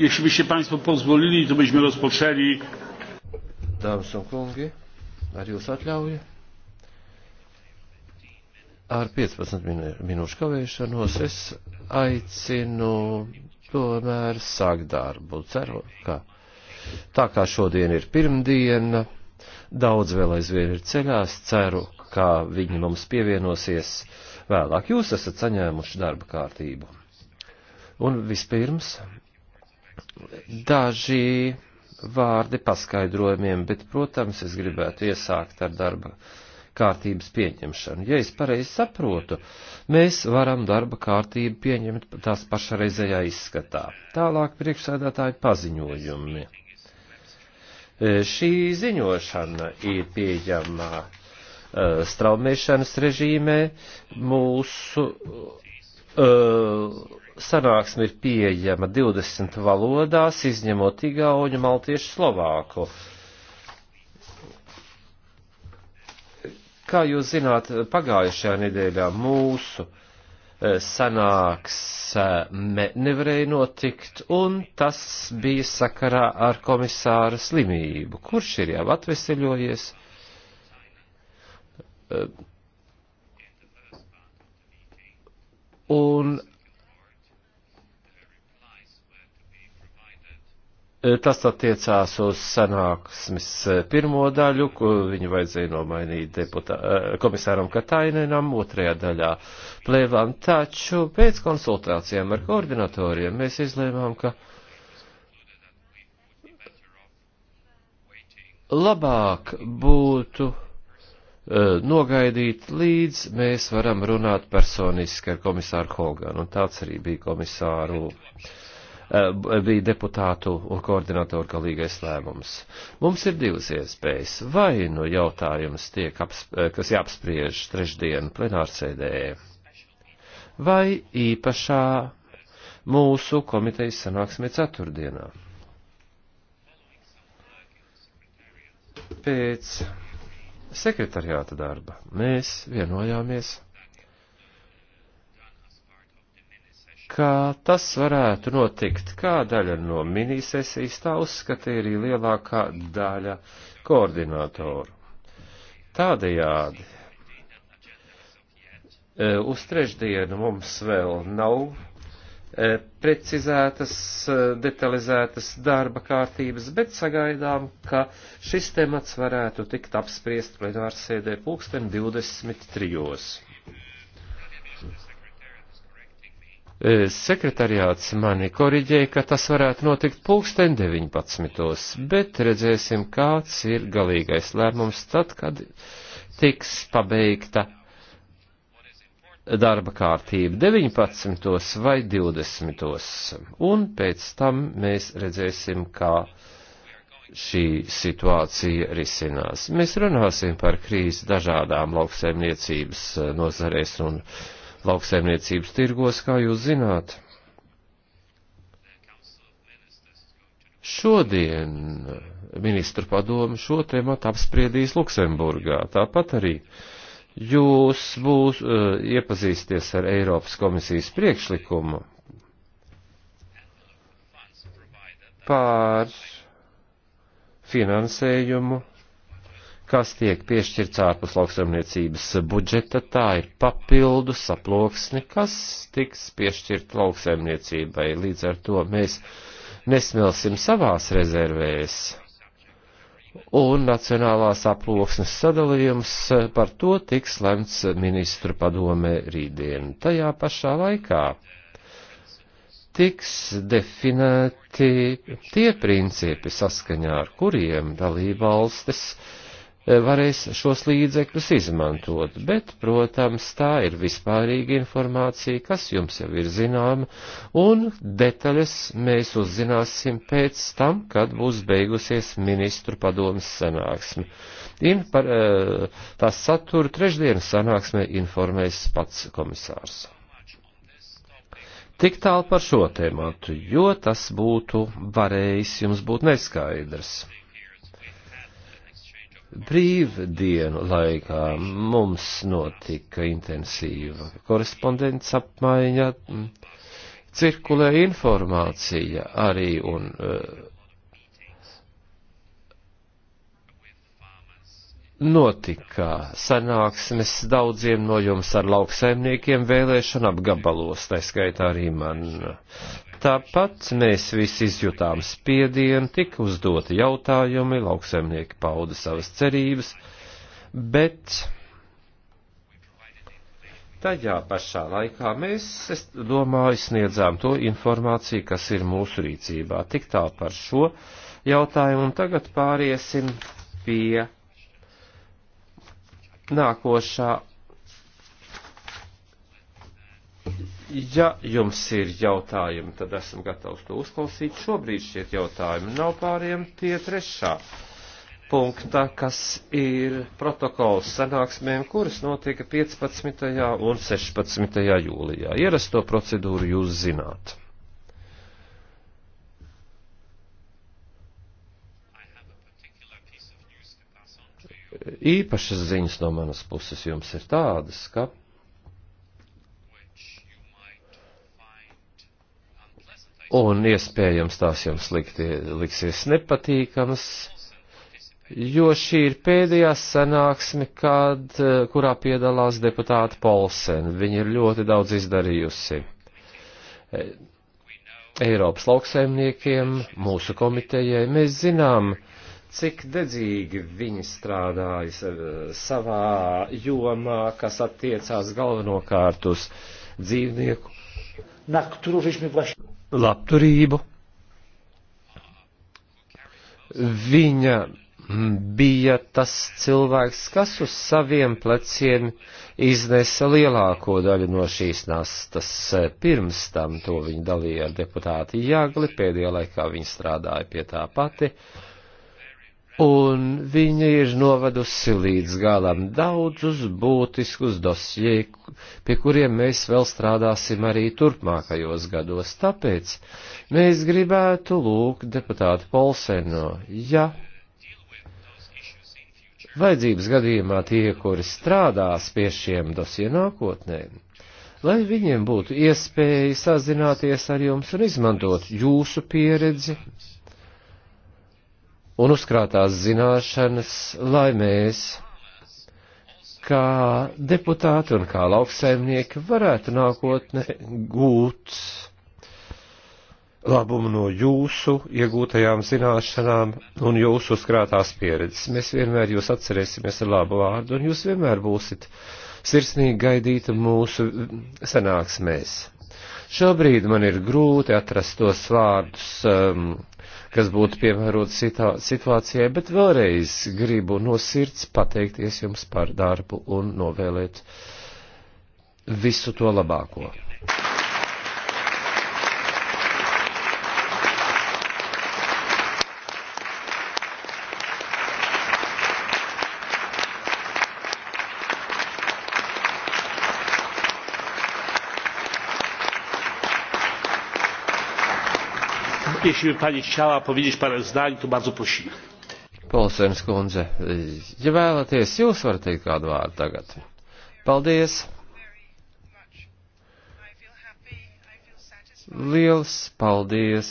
jeśli byście Państwo pozwolili, to byśmy rozpoczęli. Dāmas un kungi, ar jūsu atļauju. Ar 15 minū minūšu kavēšanos es aicinu tomēr sākt darbu. Ceru, ka tā kā šodien ir pirmdiena, daudz vēl aizvien ir ceļās, ceru, ka viņi mums pievienosies vēlāk. Jūs esat saņēmuši darba kārtību. Un vispirms daži vārdi paskaidrojumiem, bet, protams, es gribētu iesākt ar darba kārtības pieņemšanu. Ja es pareizi saprotu, mēs varam darba kārtību pieņemt tās pašreizējā izskatā. Tālāk priekšsēdētāji paziņojumi. E, šī ziņošana ir pieejama uh, straumēšanas režīmē mūsu uh, sanāksme ir pieejama 20 valodās, izņemot igauņu, maltiešu, slovāku. Kā jūs zināt, pagājušajā nedēļā mūsu eh, sanāksme nevarēja notikt, un tas bija sakarā ar komisāra slimību, kurš ir jau atveseļojies. Eh, un E, tas attiecās uz sanāksmes e, pirmo daļu, ko viņu vajadzēja nomainīt deputā, e, komisāram Katainenam, otrajā daļā plēvām. Taču pēc konsultācijām ar koordinatoriem mēs izlēmām, ka labāk būtu nogaidīt, līdz mēs varam runāt personiski ar komisāru Hoganu, un tāds arī bija komisāru. Uh, Eh, bija deputātu un koordinatoru galīgais lēmums. Mums ir divas iespējas. Vai nu jautājums tiek, eh, kas jāapspriež trešdien plenārsēdē, vai īpašā mūsu komitejas sanāksmē ceturtdienā. Pēc sekretariāta darba mēs vienojāmies. ka tas varētu notikt kā daļa no minisesijas, tā uzskatīja arī lielākā daļa koordinātoru. Tādējādi e, uz trešdienu mums vēl nav e, precizētas, e, detalizētas darba kārtības, bet sagaidām, ka šis temats varētu tikt apspriest plenārsēdē pulksten 23. E, sekretariāts mani koriģēja, ka tas varētu notikt pulksten 19. Bet redzēsim, kāds ir galīgais lēmums tad, kad tiks pabeigta darba kārtība 19. vai 20. Un pēc tam mēs redzēsim, kā šī situācija risinās. Mēs runāsim par krīzi dažādām lauksaimniecības nozarēs un lauksaimniecības tirgos, kā jūs zināt. Šodien ministru padomu šo tēmatu apspriedīs Luksemburgā, tāpat arī jūs būs uh, iepazīsties ar Eiropas komisijas priekšlikumu pār finansējumu kas tiek piešķirts ārpus lauksaimniecības budžeta, tā ir papildu saploksne, kas tiks piešķirt lauksaimniecībai. Līdz ar to mēs nesmelsim savās rezervēs. Un nacionālās aploksnes sadalījums par to tiks lemts ministru padomē rītdien. Tajā pašā laikā tiks definēti tie principi, saskaņā ar kuriem dalībvalstis valstis Eh, varēs šos līdzekļus izmantot, bet, protams, tā ir vispārīga informācija, kas jums jau ir zināma, un detaļas mēs uzzināsim pēc tam, kad būs beigusies ministru padomas sanāksme. In par eh, tās saturu trešdienas sanāksmē informēs pats komisārs. Tik tālu par šo tēmātu, jo tas būtu varējis jums būt neskaidrs brīvdienu laikā mums notika intensīva korespondents apmaiņa, cirkulē informācija arī un uh, notika sanāksmes daudziem no jums ar lauksaimniekiem vēlēšana apgabalos, tā skaitā arī man. Tāpat mēs visi izjutām spiedienu, tika uzdoti jautājumi, lauksaimnieki pauda savas cerības, bet tajā pašā laikā mēs, es domāju, sniedzām to informāciju, kas ir mūsu rīcībā. Tik tā par šo jautājumu, un tagad pāriesim pie Nākošā. Ja jums ir jautājumi, tad esam gatavs to uzklausīt. Šobrīd šiet jautājumi nav pāriem pie trešā punkta, kas ir protokols sanāksmēm, kuras notika 15. un 16. jūlijā. Ierasto procedūru jūs zināt. īpašas ziņas no manas puses jums ir tādas, ka un iespējams tās jums likti, liksies nepatīkamas, jo šī ir pēdējā sanāksme, kad, kurā piedalās deputāta Polsen. Viņa ir ļoti daudz izdarījusi. Eiropas lauksaimniekiem, mūsu komitejai, mēs zinām, uh, cik dedzīgi viņi strādāja eh, savā jomā, kas attiecās galvenokārt uz dzīvnieku labturību. Viņa mm, bija tas cilvēks, kas uz saviem pleciem iznesa lielāko daļu no šīs nastas. Pirms tam to viņa dalīja ar deputāti Jāgli, pēdējā laikā viņa strādāja pie tā pati. Uh, un viņa ir novedusi līdz galam daudzus būtiskus dosjē, pie kuriem mēs vēl strādāsim arī turpmākajos gados. Tāpēc mēs gribētu lūgt deputātu Polseno, ja vajadzības gadījumā tie, kuri strādās pie šiem dosjē nākotnē, lai viņiem būtu iespēja sazināties ar jums un izmantot jūsu pieredzi un uzkrātās zināšanas, lai mēs, kā deputāti un kā lauksaimnieki, varētu nākotnē gūt labumu no jūsu iegūtajām zināšanām un jūsu uzkrātās pieredzes. Mēs vienmēr jūs atcerēsimies ar labu vārdu, un jūs vienmēr būsit sirsnīgi gaidīti mūsu sanāksmēs. Šobrīd man ir grūti atrast tos vārdus, um, kas būtu piemērota situācijai, bet vēlreiz gribu no sirds pateikties jums par darbu un novēlēt visu to labāko. jeśli by pani chciała powiedzieć parę zdań, to bardzo prosimy. Polsēns kundze, ja vēlaties, jūs varat teikt kādu vārdu tagad. Paldies! Liels paldies!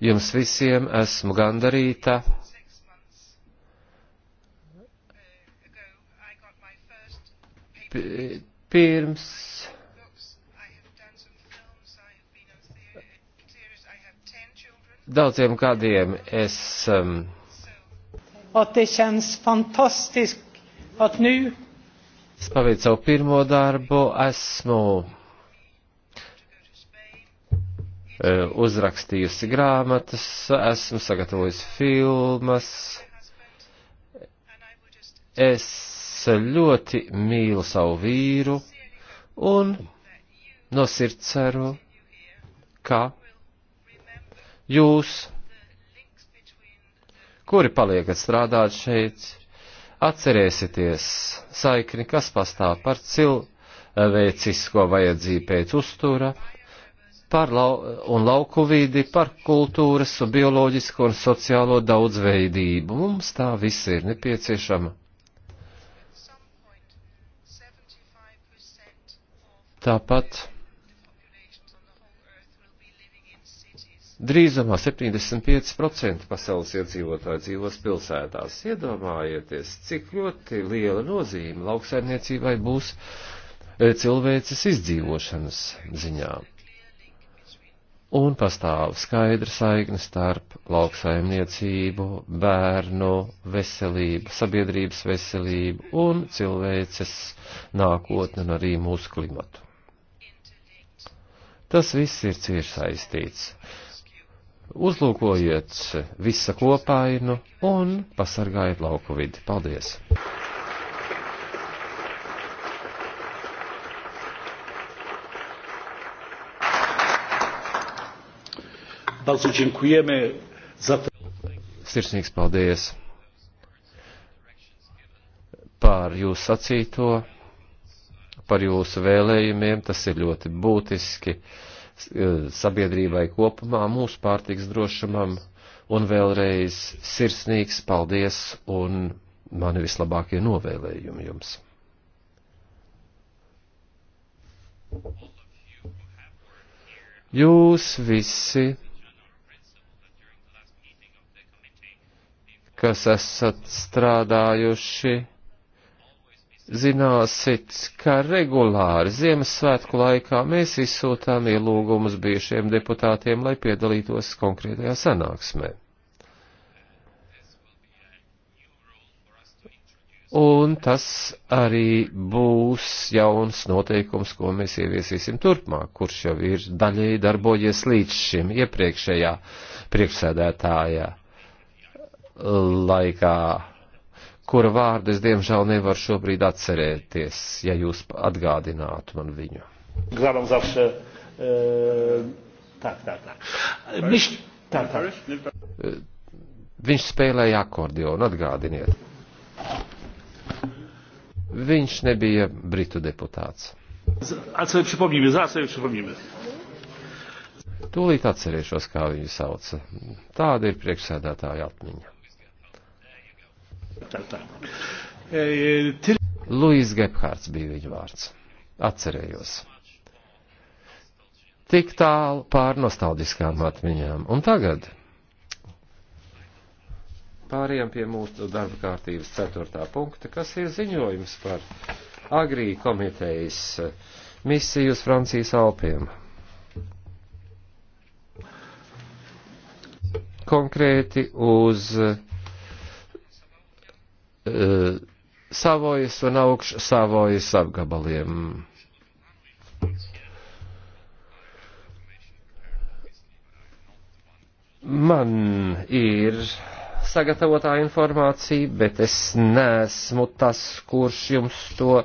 Jums visiem esmu gandarīta. P pirms daudziem gadiem es. Um, nu Es paveicu savu pirmo darbu, esmu e, uzrakstījusi grāmatas, esmu sagatavojusi filmas. Es ļoti mīlu savu vīru un no sirds ceru, ka jūs, kuri paliekat strādāt šeit, atcerēsieties saikni, kas pastāv par cilvēcisko vajadzību pēc uzturā, par lau un lauku vidi, par kultūras un bioloģisko un sociālo daudzveidību. Mums tā viss ir nepieciešama. Tāpat Drīzumā 75% pasaules iedzīvotāji dzīvos pilsētās. Iedomājieties, cik ļoti liela nozīme lauksaimniecībai būs e, cilvēces izdzīvošanas ziņā. Un pastāv skaidra saikne starp lauksaimniecību, bērnu veselību, sabiedrības veselību un cilvēces nākotni un arī mūsu klimatu. Tas viss ir cieši saistīts uzlūkojiet visa kopainu un pasargājiet lauku vidi. Paldies! Bardzo dziękujemy za to. Sirsnīgs paldies par jūsu sacīto, par jūsu vēlējumiem. Tas ir ļoti būtiski. E, sabiedrībai kopumā, mūsu pārtiks drošumam, un vēlreiz sirsnīgs paldies un mani vislabākie novēlējumi jums. Jūs visi, kas esat strādājuši, zināsit, ka regulāri Ziemassvētku laikā mēs izsūtām ielūgumus bijušiem deputātiem, lai piedalītos konkrētajā sanāksmē. Un tas arī būs jauns noteikums, ko mēs ieviesīsim turpmāk, kurš jau ir daļēji darbojies līdz šim iepriekšējā priekšsēdētājā laikā kura vārdu es diemžēl nevaru šobrīd atcerēties, ja jūs atgādinātu man viņu. Glavām zavše, tā, tā, tā. Viņš, tā, tā. Viņš spēlēja akordionu, atgādiniet. Viņš nebija britu deputāts. Tūlīt atcerēšos, kā viņu sauca. Tāda ir priekšsēdētāja atmiņa. Luīs Gebhārds bija viņa vārds. Atcerējos. Tik tālu pār nostaldiskām atmiņām. Un tagad pāriem pie mūsu darba kārtības ceturtā punkta, kas ir ziņojums par agrī komitejas misiju uz Francijas Alpiem. Konkrēti uz uh, uh, savojas un augš savojas apgabaliem. Man ir sagatavotā informācija, bet es nesmu tas, kurš jums to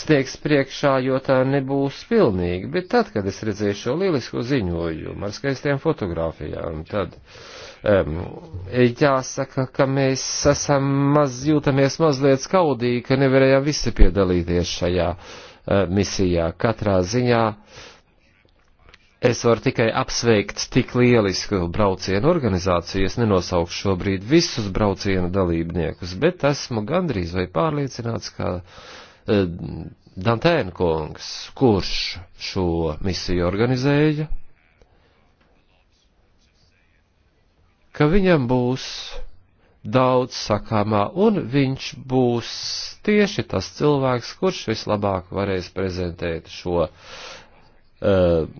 sniegs priekšā, jo tā nebūs pilnīga. Bet tad, kad es redzēju šo lielisko ziņojumu ar skaistiem fotografijām, tad um, jāsaka, ka mēs esam maz, jūtamies mazliet skaudīgi, ka nevarējām visi piedalīties šajā uh, misijā. Katrā ziņā uh, Es varu tikai apsveikt tik lielisku braucienu organizāciju, es nenosaukšu šobrīd visus braucienu dalībniekus, bet esmu gandrīz vai pārliecināts, ka e, Dantēna kungs, kurš šo misiju organizēja, ka viņam būs daudz sakāmā, un viņš būs tieši tas cilvēks, kurš vislabāk varēs prezentēt šo uh,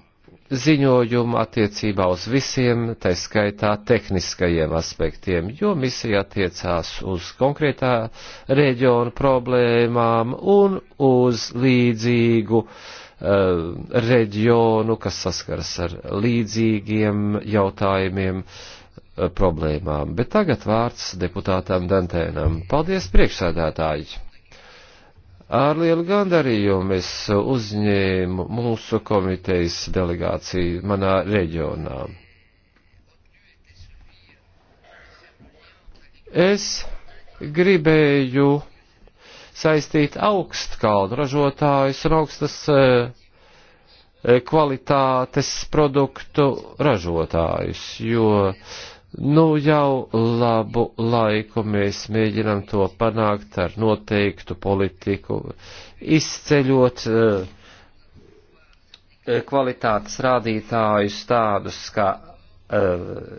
ziņojumu attiecībā uz visiem, tai skaitā tehniskajiem aspektiem, jo misija attiecās uz konkrētā reģiona problēmām un uz līdzīgu uh, reģionu, kas saskaras ar līdzīgiem jautājumiem, uh, problēmām. Bet tagad vārds deputātām Dantēnam. Paldies, priekšsēdētāji! Ar lielu gandarījumu es uzņēmu mūsu komitejas delegāciju manā reģionā. Es gribēju saistīt augstkalnu ražotājus un augstas eh, eh, kvalitātes produktu ražotājus, jo Nu jau labu laiku mēs mēģinam to panākt ar noteiktu politiku, izceļot eh, kvalitātes rādītājus tādus, kā eh,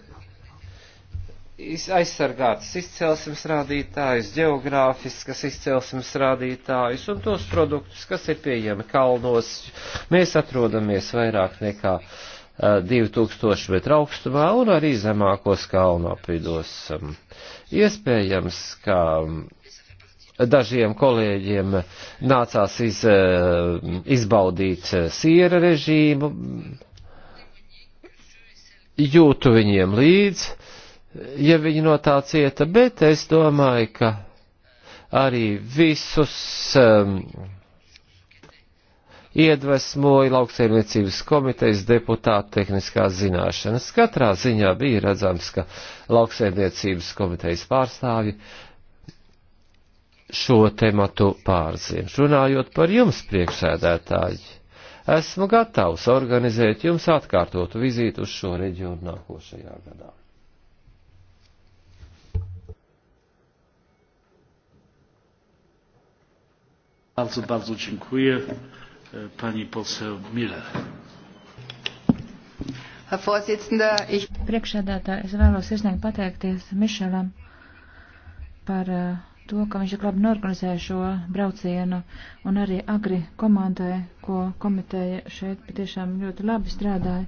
aizsargātas izcelsmes rādītājus, geogrāfiskas izcelsmes rādītājus un tos produktus, kas ir pieejami kalnos. Mēs atrodamies vairāk nekā uh, 2000 metru augstumā un arī zemākos kalnu apvidos. Um, iespējams, ka um, dažiem kolēģiem nācās iz, um, izbaudīt uh, siera režīmu, jūtu viņiem līdz, ja viņi no tā cieta, bet es domāju, ka arī visus um, iedvesmoja lauksaimniecības komitejas deputātu tehniskās zināšanas. Katrā ziņā bija redzams, ka lauksaimniecības komitejas pārstāvji šo tematu pārzina. Runājot par jums, priekšsēdētāji, esmu gatavs organizēt jums atkārtotu vizītu uz šo reģionu nākošajā gadā. Bardzo, bardzo dziękuję pani poseł Miller. Priekšsēdētā es vēlos iesniegt pateikties Mišelam par eh, to, ka viņš ir labi norganizējis šo braucienu un arī agri komandai, ko komiteja šeit patiešām ļoti labi strādāja.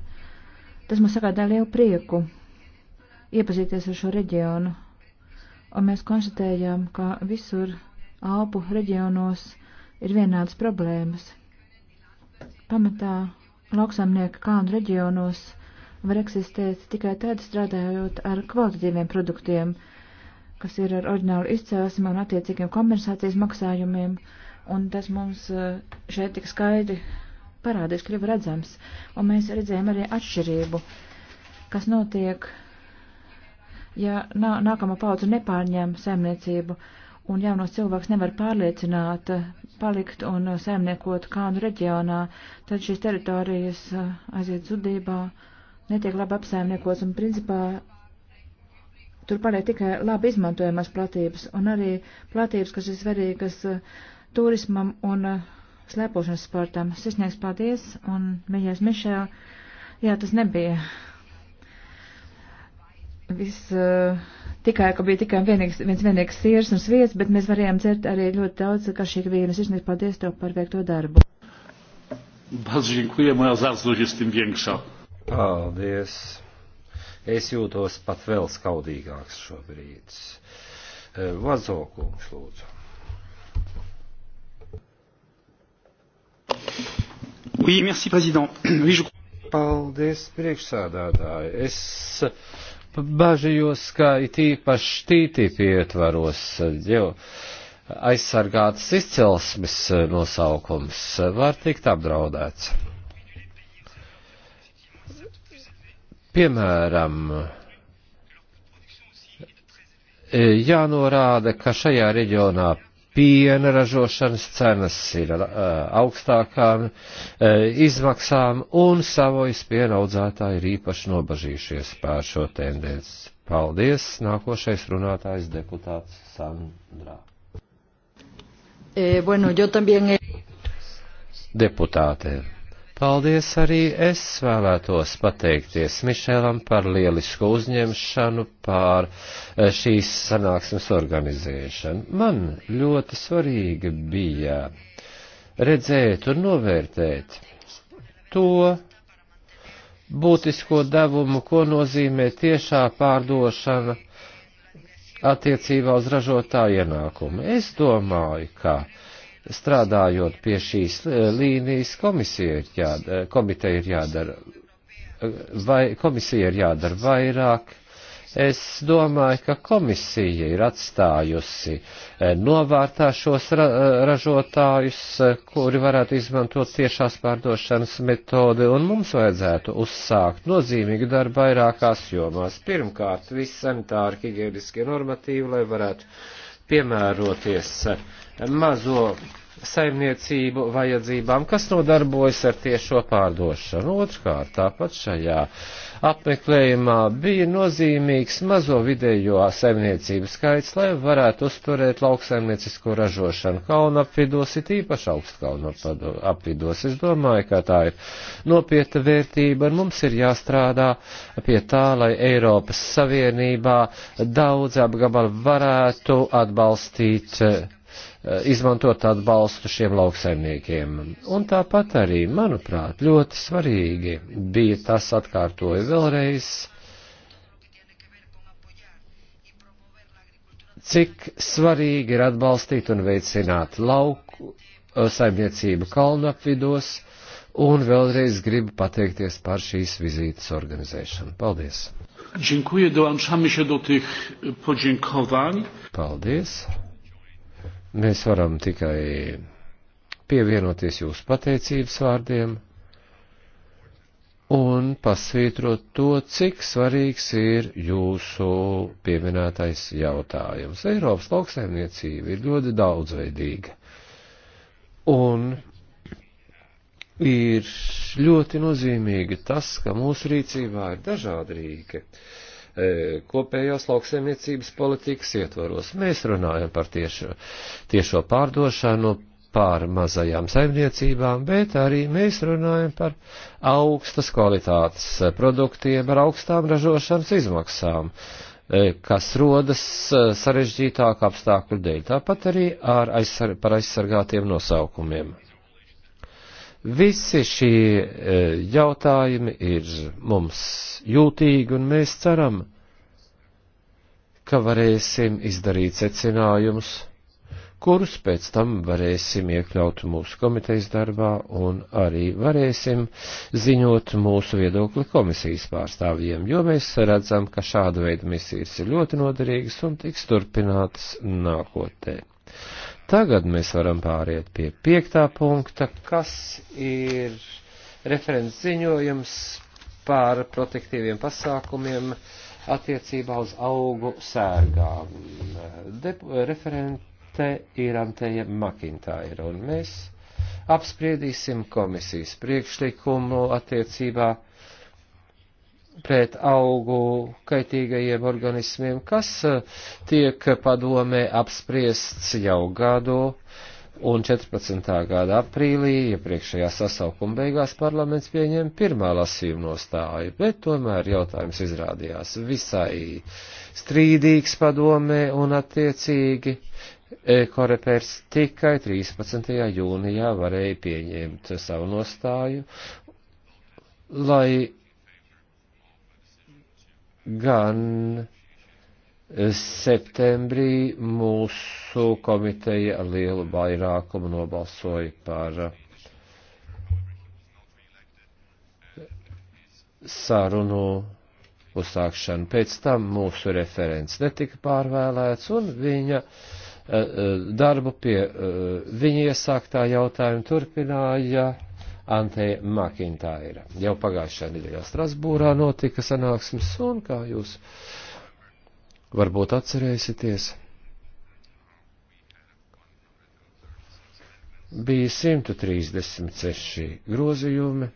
Tas mums sagādā lielu prieku iepazīties ar šo reģionu. Un mēs konstatējām, ka visur Alpu reģionos ir vienādas problēmas pamatā lauksaimnieki kādu reģionos var eksistēt tikai tad strādājot ar kvalitatīviem produktiem, kas ir ar oriģinālu izcelsmi un attiecīgiem kompensācijas maksājumiem, un tas mums eh, šeit tik skaidri parādīs, kļuva redzams, un mēs redzējām arī atšķirību, kas notiek, ja nākamā paudze nepārņem saimniecību. Uh, un jaunos cilvēks nevar pārliecināt palikt un saimniekot kādu reģionā, tad šīs teritorijas aiziet zudībā, netiek labi apsaimniekots un principā tur paliek tikai labi izmantojamās platības un arī platības, kas ir svarīgas turismam un slēpošanas sportam. Sisnieks, paldies un, mīļais Mišēl, jā, tas nebija viss uh, eh, tikai, ka bija tikai vienīgs, viens vienīgs sirs un sviets, bet mēs varējām dzert arī ļoti daudz garšīgi vīnu. Sirsnīgi paldies tev par veikto darbu. Bardzo dziękuję, moja zazdrość jest tym większa. Paldies. Es jūtos pat vēl skaudīgāks šobrīd. Eh, Vazokungs, lūdzu. Oui, merci, président. Oui, je... Paldies, priekšsādātāji. Es bažījos, ka it īpaši tītīpi ietvaros jau aizsargātas izcelsmes nosaukums var tikt apdraudēts. Piemēram, jānorāda, ka šajā reģionā piena ražošanas cenas ir uh, augstākām uh, izmaksām, un savojas piena audzētāji ir īpaši nobažījušies pār šo tendenci. Paldies! Nākošais runātājs deputāts Sandrā. E, eh, bueno, yo también... Deputāte. Paldies arī es vēlētos pateikties Mišēlam par lielisku uzņemšanu, par eh, šīs sanāksmes organizēšanu. Man ļoti svarīgi bija redzēt un novērtēt to būtisko devumu, ko nozīmē tiešā pārdošana attiecībā uz ražotāju ienākumu. Es domāju, ka strādājot pie šīs eh, līnijas, komisija ir jādara, eh, komiteja ir jādara, eh, vai, komisija ir jādara vairāk. Es domāju, ka komisija ir atstājusi novārtā šos ra ražotājus, kuri varētu izmantot tiešās pārdošanas metodi, un mums vajadzētu uzsākt nozīmīgu darbu vairākās jomās. Pirmkārt, viss sanitāri, higieniskie normatīvi, lai varētu piemēroties eh, mazo saimniecību vajadzībām, kas nodarbojas ar tiešo pārdošanu. Otrkārt, tāpat šajā apmeklējumā bija nozīmīgs mazo vidējo saimniecību skaits, lai varētu uzturēt lauksaimniecisko ražošanu kalnu apvidos, ir īpaši augstu kalnu apvidos. Es domāju, ka tā ir nopieta vērtība, un mums ir jāstrādā pie tā, lai Eiropas Savienībā daudz apgabalu varētu atbalstīt Eh, izmantot atbalstu šiem lauksaimniekiem. Un tāpat arī, manuprāt, ļoti svarīgi bija tas atkārtoju vēlreiz, cik svarīgi ir atbalstīt un veicināt lauku eh, saimniecību kalnu apvidos, un vēlreiz gribu pateikties par šīs vizītes organizēšanu. Paldies! Dziękuję, dołączamy się do tych podziękowań. Paldies. Mēs varam tikai pievienoties jūsu pateicības vārdiem un pasvītrot to, cik svarīgs ir jūsu pieminētais jautājums. Eiropas lauksaimniecība ir ļoti daudzveidīga un ir ļoti nozīmīgi tas, ka mūsu rīcībā ir dažādi rīki E, kopējās lauksaimniecības politikas ietvaros. Mēs runājam par tiešo, tiešo pārdošanu, par mazajām saimniecībām, bet arī mēs runājam par augstas kvalitātes produktiem ar augstām ražošanas izmaksām e, kas rodas e, sarežģītāku apstākļu dēļ, tāpat arī ar aizsar par aizsargātiem nosaukumiem. Visi šie e, jautājumi ir mums jūtīgi, un mēs ceram, ka varēsim izdarīt secinājumus, kurus pēc tam varēsim iekļaut mūsu komitejas darbā un arī varēsim ziņot mūsu viedokli komisijas pārstāvjiem, jo mēs redzam, ka šāda veida misijas ir ļoti noderīgas un tiks turpinātas nākotnē. Tagad mēs varam pāriet pie piektā punkta, kas ir referents ziņojums par protektīviem pasākumiem attiecībā uz augu sērgām. Dep referente ir Anteja Makintaira, un mēs apspriedīsim komisijas priekšlikumu attiecībā pret augu kaitīgajiem organismiem, kas eh, tiek padomē apspriests jau gadu un 14. gada aprīlī, iepriekšējā ja sasaukuma beigās parlaments pieņēma pirmā lasījuma nostāju, bet tomēr jautājums izrādījās visai strīdīgs padomē un attiecīgi Korepērs tikai 13. jūnijā varēja pieņemt savu nostāju, lai gan eh, septembrī mūsu komiteja ar lielu vairākumu nobalsoja par eh, sarunu uzsākšanu. Pēc tam mūsu referents netika pārvēlēts un viņa eh, darbu pie viņa iesāktā jautājuma turpināja Antē Makintāira. Jau pagājušajā nedēļā Strasbūrā notika sanāksmes, un kā jūs varbūt atcerēsieties, bija 136 grozījumi.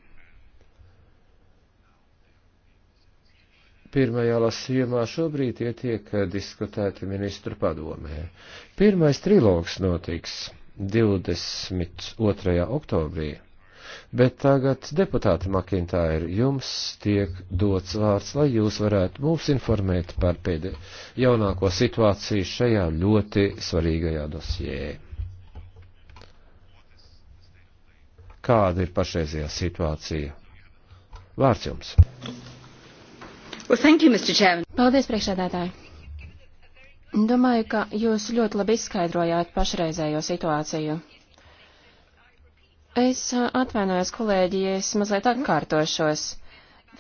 Pirmajā lasījumā šobrīd tie tiek diskutēti ministru padomē. Pirmais trilogs notiks 22. oktobrī Bet tagad, deputāti Makintāri, jums tiek dots vārds, lai jūs varētu mūs informēt par pēdē jaunāko situāciju šajā ļoti svarīgajā dosjē. Kāda ir pašreizajā situācija? Vārds jums. Well, thank you, Mr. Chairman. Paldies, priekšsēdētāji. Domāju, ka jūs ļoti labi izskaidrojāt pašreizējo situāciju. Es atvainojos, kolēģi, ja es mazliet atkārtošos.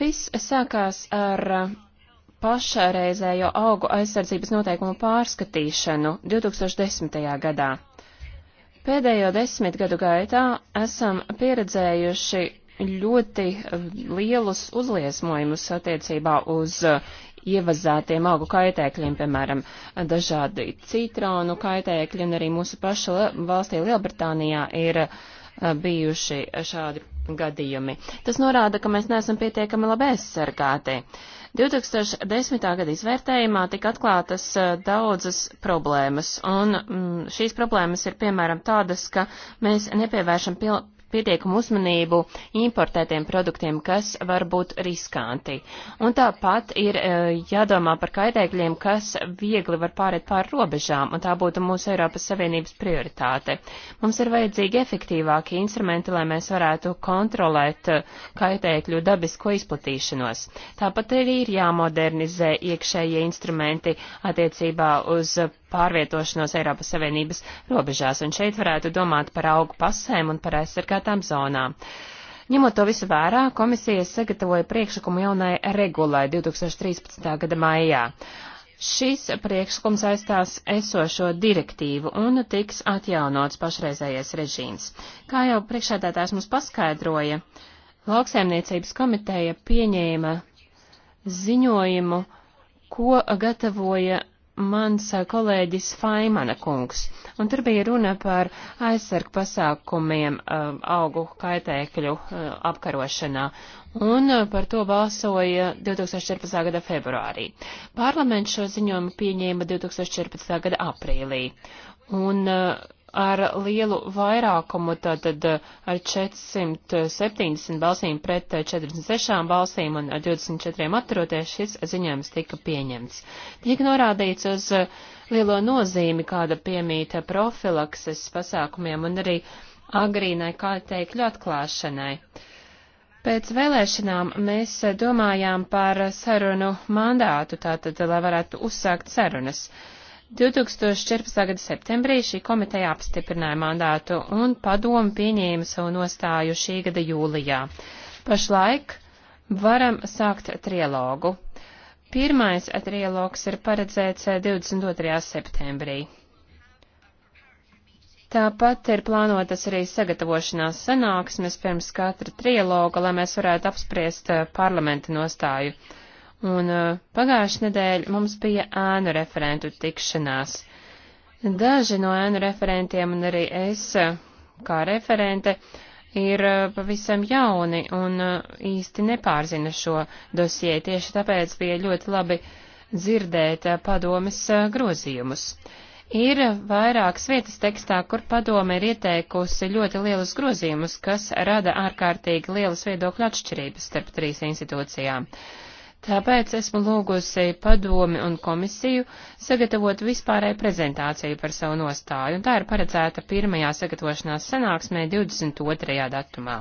Viss sākās ar pašreizējo augu aizsardzības noteikumu pārskatīšanu 2010. gadā. Pēdējo desmit gadu gaitā esam pieredzējuši ļoti lielus uzliesmojumus attiecībā uz ievazētiem augu kaitēkļiem, piemēram, dažādi citronu kaitēkļi, un arī mūsu paša valstī Lielbritānijā ir Eh, bijuši šādi gadījumi. Tas norāda, ka mēs neesam pietiekami labi aizsargāti. 2010. gada izvērtējumā tika atklātas eh, daudzas problēmas, un m, mm, šīs problēmas ir piemēram tādas, ka mēs nepievēršam pil pietiekumu uzmanību importētiem produktiem, kas var būt riskanti. Un tāpat ir e, jādomā par kaitēkļiem, kas viegli var pāriet pāri robežām, un tā būtu mūsu Eiropas Savienības prioritāte. Mums ir vajadzīgi efektīvāki instrumenti, lai mēs varētu kontrolēt e, kaitēkļu dabisko izplatīšanos. Tāpat arī ir jāmodernizē iekšējie instrumenti attiecībā uz pārvietošanos Eiropas Savienības robežās, un šeit varētu domāt par augu pasēm un par aizsargātām zonām. Ņemot to visu vērā, komisija sagatavoja priekšlikumu jaunai regulai 2013. gada maijā. Šis priekšlikums aizstās esošo direktīvu un tiks atjaunots pašreizējais režīms. Kā jau priekšēdētājs mums paskaidroja, lauksaimniecības komiteja pieņēma ziņojumu, ko gatavoja mans kolēģis Faimana kungs, un tur bija runa par aizsargu pasākumiem augu kaitēkļu apkarošanā, un par to balsoja 2014. gada februārī. Parlaments šo ziņojumu pieņēma 2014. gada aprīlī, un uh, ar lielu vairākumu, tātad eh, ar 470 balsīm pret 46 eh, balsīm un ar 24 atturoties šis ziņojums tika pieņemts. Tiek norādīts uz eh, lielo nozīmi, kāda piemīta profilakses pasākumiem un arī agrīnai kaiteikļu atklāšanai. Pēc vēlēšanām mēs domājām par sarunu mandātu, tātad, lai varētu uzsākt sarunas. Uh, 2014. gada septembrī šī komiteja apstiprināja mandātu un padomu pieņēma savu nostāju šī gada jūlijā. Pašlaik varam sākt trilogu. Pirmais trilogs ir paredzēts 22. septembrī. Tāpat ir plānotas arī sagatavošanās sanāksmes pirms katra triloga, lai mēs varētu apspriest eh, parlamenta nostāju un uh, pagājušajā nedēļā mums bija ēnu referentu tikšanās. Daži no ēnu referentiem un arī es, uh, kā referente, ir uh, pavisam jauni un īsti nepārzina šo dosie, tieši tāpēc bija ļoti labi dzirdēt padomes grozījumus. Ir vairākas vietas tekstā, kur padome ir ieteikusi ļoti lielus grozījumus, kas rada ārkārtīgi lielas viedokļu atšķirības starp trīs institūcijām. Uh, Tāpēc esmu lūgusi padomi un komisiju sagatavot vispārēju prezentāciju par savu nostāju, un tā ir paredzēta pirmajā sagatavošanās sanāksmē 22. datumā.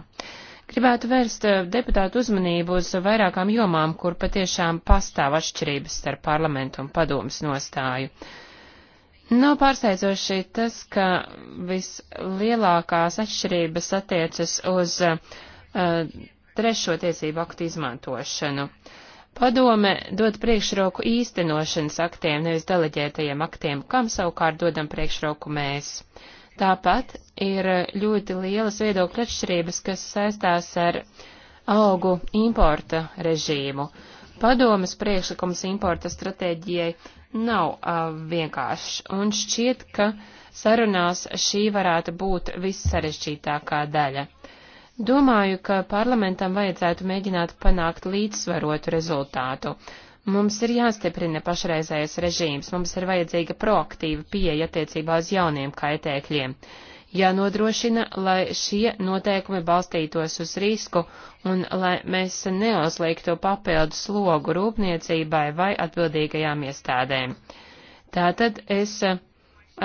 Gribētu vērst eh, deputātu uzmanību uz vairākām jomām, kur patiešām pastāv atšķirības starp parlamentu un padomas nostāju. Nav pārsteidzoši tas, ka vislielākās atšķirības attiecas uz uh, trešo tiesību aktu izmantošanu. Uh, Padome dod priekšroku īstenošanas aktiem, nevis deleģētajiem aktiem, kam savukārt dodam priekšroku mēs. Tāpat ir ļoti lielas viedokļa atšķirības, kas saistās ar augu importa režīmu. Padomas priekšlikums importa stratēģijai nav uh, vienkāršs, un šķiet, ka sarunās šī varētu būt vissarežģītākā daļa. Domāju, ka parlamentam vajadzētu mēģināt panākt līdzsvarotu rezultātu. Mums ir jāstiprina pašreizējais režīms, mums ir vajadzīga proaktīva pieeja attiecībā uz jauniem kaitēkļiem. Jānodrošina, lai šie noteikumi balstītos uz risku un lai mēs neuzliektu papildu slogu rūpniecībai vai atbildīgajām iestādēm. Tātad es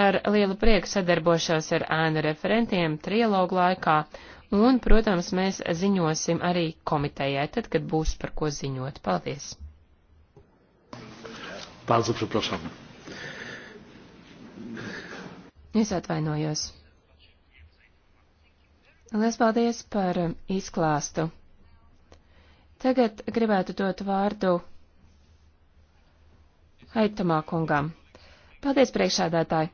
ar lielu prieku sadarbošos ar ēnu referentiem trialogu laikā Un, protams, mēs ziņosim arī komitejai, tad, kad būs par ko ziņot. Paldies! Bardzo przepraszam. Es atvainojos. Lielas paldies par um, izklāstu. Tagad gribētu dot vārdu Aitamā kungam. Paldies, priekšādātāji!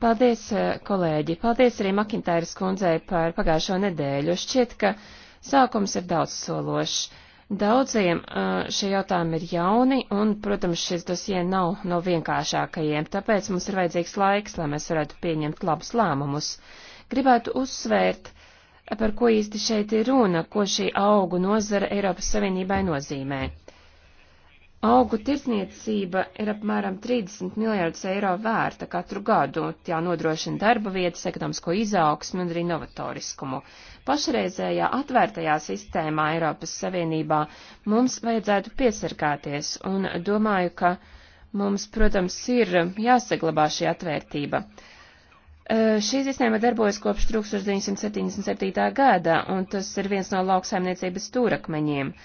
Paldies, eh, kolēģi! Paldies arī Makintāras kundzei par pagājušo nedēļu. Šķiet, ka sākums ir daudz sološs. Daudziem eh, šie jautājumi ir jauni, un, protams, šis dosie nav no vienkāršākajiem, tāpēc mums ir vajadzīgs laiks, lai mēs varētu pieņemt labus lēmumus. Gribētu uzsvērt, par ko īsti šeit ir runa, ko šī augu nozara Eiropas Savienībai nozīmē. Augu tirsniecība ir apmēram 30 miljardus eiro vērta katru gadu. Tā nodrošina darba vietas, ekonomisko izaugsmu un arī novatoriskumu. Pašreizējā atvērtajā sistēmā Eiropas Savienībā mums vajadzētu piesargāties, un domāju, ka mums, protams, ir jāsaglabā šī atvērtība. Šī sistēma darbojas kopš 1977. gada, un tas ir viens no lauksaimniecības stūrakmeņiem.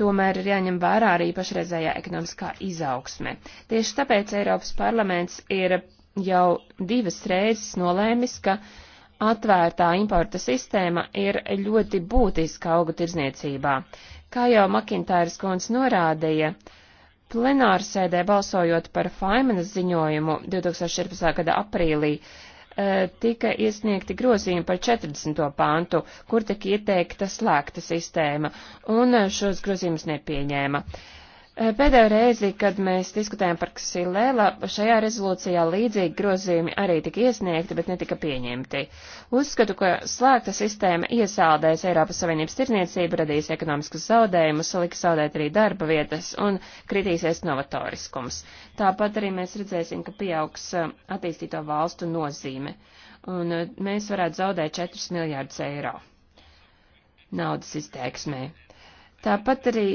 Tomēr ir jāņem vērā arī pašreizējā ekonomiskā izaugsme. Tieši tāpēc Eiropas parlaments ir jau divas reizes nolēmis, ka atvērtā importa sistēma ir ļoti būtiska augu tirzniecībā. Kā jau Makintāras kundze norādīja, plenārsēdē balsojot par Faimanas ziņojumu 2014. gada aprīlī, Eh, tika iesniegti grozījumi par 40. pantu, kur tika ieteikta slēgta sistēma, un eh, šos grozījumus nepieņēma. Uh, Eh, pēdējo reizi, kad mēs diskutējām par Ksilēlā, šajā rezolūcijā līdzīgi grozījumi arī tika iesniegti, bet netika pieņemti. Uzskatu, ka slēgta sistēma iesaldēs Eiropas Savienības tirniecību, radīs ekonomiskus zaudējumus, liks zaudēt arī darba vietas un kritīsies novatoriskums. Tāpat arī mēs redzēsim, ka pieaugs eh, attīstīto valstu nozīme, un eh, mēs varētu zaudēt 4 miljārdus eiro naudas izteiksmē. Tāpat arī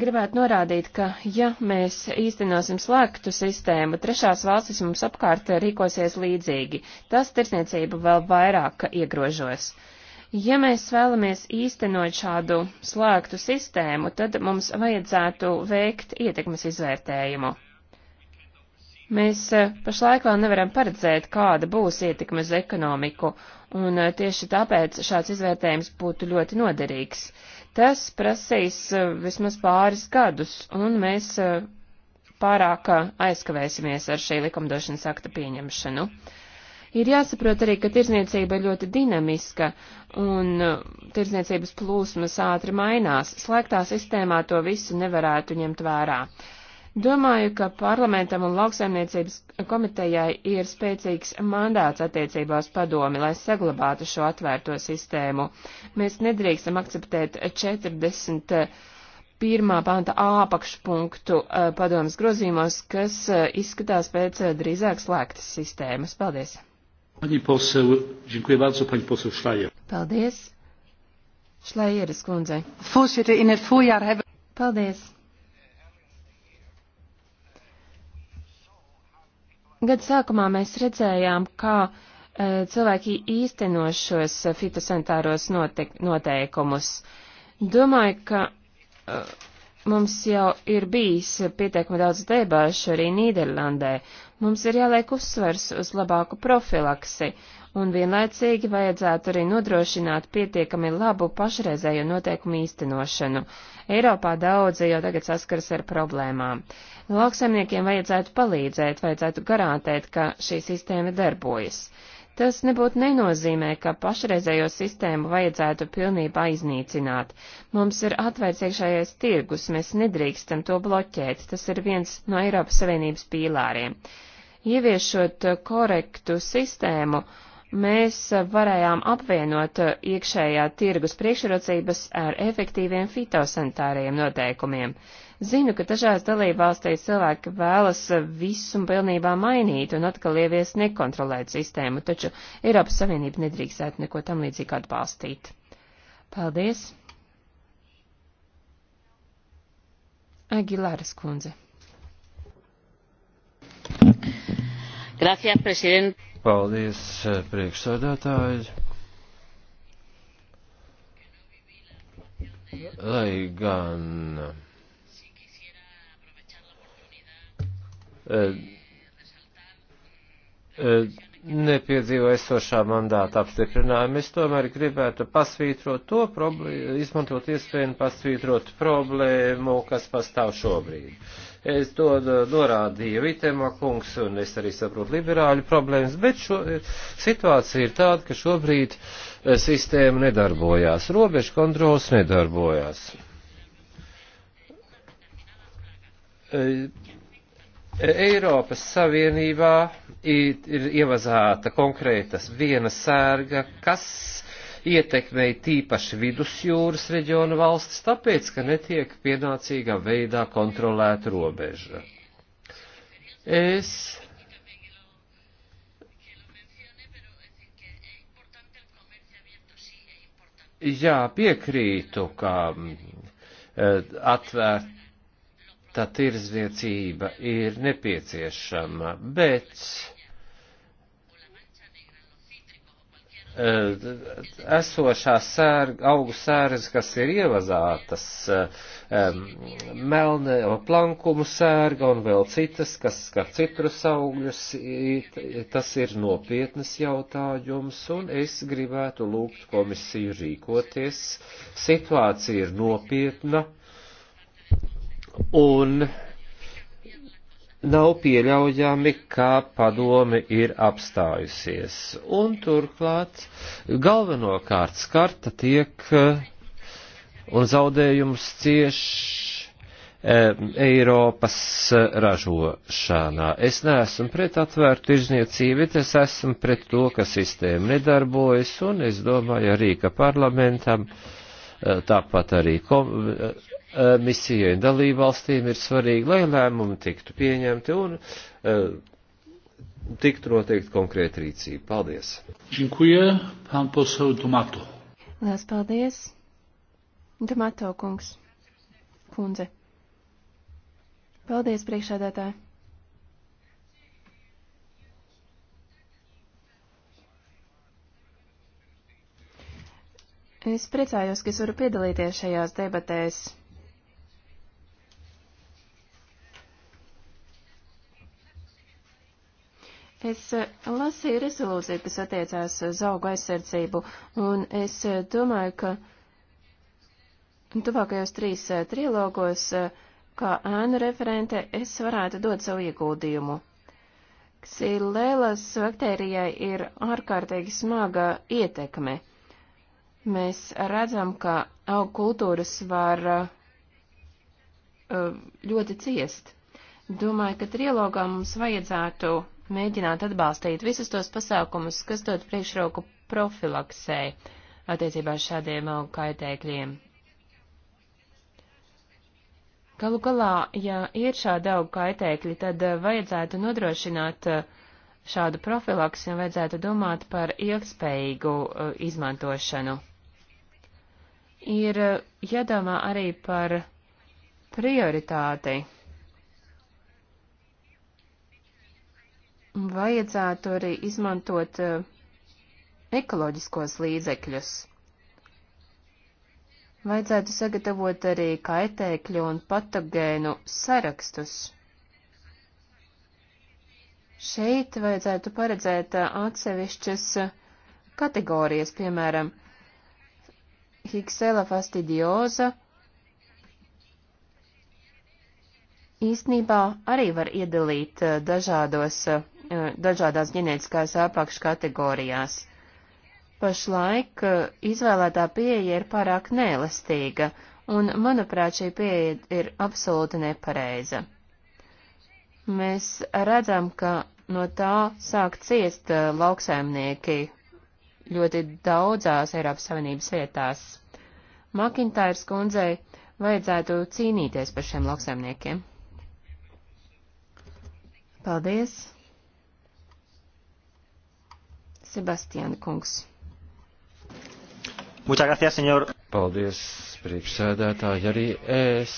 gribētu norādīt, ka ja mēs īstenosim slēgtu sistēmu, trešās valstis mums apkārt rīkosies līdzīgi. Tas tirsniecību vēl vairāk iegrožos. Ja mēs vēlamies īstenot šādu slēgtu sistēmu, tad mums vajadzētu veikt ietekmes izvērtējumu. Mēs eh, pašlaik vēl nevaram paredzēt, kāda būs ietekme uz ekonomiku, un eh, tieši tāpēc šāds izvērtējums būtu ļoti noderīgs. Uh, Tas prasīs eh, vismaz pāris gadus, un mēs eh, pārāk eh, aizkavēsimies ar šī likumdošanas akta pieņemšanu. Ir jāsaprot arī, ka tirzniecība ir ļoti dinamiska un tirzniecības plūsmas ātri mainās. Slēgtā sistēmā to visu nevarētu ņemt vērā. Uh, Domāju, ka parlamentam un lauksaimniecības komitejai ir spēcīgs mandāts attiecībās padomi, lai saglabātu šo atvērto sistēmu. Mēs nedrīkstam akceptēt 40 pirmā panta āpakšpunktu eh, padomas grozīmos, kas eh, izskatās pēc eh, drīzāk slēgtas sistēmas. Paldies! Paldies! Šlaieres kundzei! Paldies! Gada sākumā mēs redzējām, kā e, cilvēki īsteno šos e, fitosanitāros noteik noteikumus. Domāju, ka e, mums jau ir bijis pietiekami daudz debāšu arī Nīderlandē. Mums ir jāliek uzsvers uz labāku profilaksi. E, un vienlaicīgi vajadzētu arī nodrošināt pietiekami labu pašreizējo noteikumu īstenošanu. Eiropā daudzi jau tagad saskaras ar problēmām. Lauksaimniekiem vajadzētu palīdzēt, vajadzētu garantēt, ka šī sistēma darbojas. Tas nebūtu nenozīmē, ka pašreizējo sistēmu vajadzētu pilnībā iznīcināt. Mums ir atvērts iekšējais tirgus, mēs nedrīkstam to bloķēt, tas ir viens no Eiropas Savienības pīlāriem. Ieviešot korektu sistēmu, mēs varējām apvienot iekšējā tirgus priekšrocības ar efektīviem fitosanitāriem noteikumiem. Zinu, ka dažās dalībvalstīs cilvēki vēlas visu pilnībā mainīt un atkal ievies nekontrolēt sistēmu, taču Eiropas Savienība nedrīkstētu neko tam līdzīgi atbalstīt. Paldies! Aguilaras kundze. Gracias, presidente. Paldies, eh, priekšsādātāji. Lai gan eh, eh, nepiedzīvo esošā mandāta apstiprinājumu. Es tomēr gribētu pasvītrot to problēmu, izmantot iespēju pasvītrot problēmu, kas pastāv šobrīd. Es to norādīju Vitema kungs, un es arī saprotu liberāļu problēmas, bet šo, situācija ir tāda, ka šobrīd eh, sistēma nedarbojās, robežu kontrols nedarbojās. Eh, Eiropas Savienībā ir ievazāta konkrētas viena sērga, kas ietekmēja tīpaši vidusjūras reģionu valstis, tāpēc, ka netiek pienācīgā veidā kontrolēta robeža. Es Jā, piekrītu, ka mm, eh, atvērt atvērta tirzniecība ir nepieciešama, bet eh, esošās sērga, augu sērgas, kas ir ievazātas, um, melne plankumu sērga un vēl citas, kas skar citrus augļus, tas ir nopietnas jautājums, un es gribētu lūgt komisiju rīkoties. Situācija ir nopietna un nav pieļaujami, kā padome ir apstājusies. Un turklāt galvenokārt skarta tiek eh, un zaudējums cieš eh, Eiropas ražošanā. Es neesmu pret atvērtu tirzniecību, bet es esmu pret to, ka sistēma nedarbojas, un es domāju arī, ka parlamentam uh, Eh, tāpat arī eh, eh, misijai un dalībvalstīm ir svarīgi, lai lēmumi tiktu pieņemti un tiktu noteikti konkrēta rīcība. Paldies! Činkuje, pan poseu Tomato. Lielas paldies! Tomato kungs. Kundze. Paldies, priekšādātāji! Es priecājos, ka es varu piedalīties šajās debatēs. Es eh, lasīju rezolūciju, kas attiecās uz eh, augu aizsardzību, un es eh, domāju, ka tuvākajos trīs trilogos, kā ēnu referente, es varētu dot savu ieguldījumu. Ksilēlas baktērijai ir ārkārtīgi smaga ietekme. Mēs redzam, ka augu kultūras var uh, ļoti ciest. Domāju, ka trilogā mums vajadzētu mēģināt atbalstīt visus tos pasākumus, kas dod priekšroku profilaksē attiecībā uz šādiem augu kaitēkļiem. Galu galā, ja ir šādi augu kaitēkļi, tad uh, vajadzētu nodrošināt uh, šādu profilaksi un vajadzētu domāt par ilgspējīgu izmantošanu ir eh, jādomā arī par prioritāti. Vajadzētu arī izmantot eh, ekoloģiskos līdzekļus. Vajadzētu sagatavot arī kaitēkļu un patogēnu sarakstus. Šeit vajadzētu paredzēt eh, atsevišķas kategorijas, piemēram, Hiksela fastidioza īstenībā arī var iedalīt eh, dažādos, eh, dažādās ģenētiskās apakškategorijās. Pašlaik eh, izvēlētā pieeja ir pārāk nēlastīga, un, manuprāt, šī pieeja ir absolūti nepareiza. Mēs redzam, ka no tā sāk ciest lauksaimnieki ļoti daudzās Eiropas Savienības vietās. Makintājas kundzei vajadzētu cīnīties par šiem lauksaimniekiem. Paldies! Sebastiāna kungs. Muchas gracias, señor. Paldies, priekšsēdētāji, arī es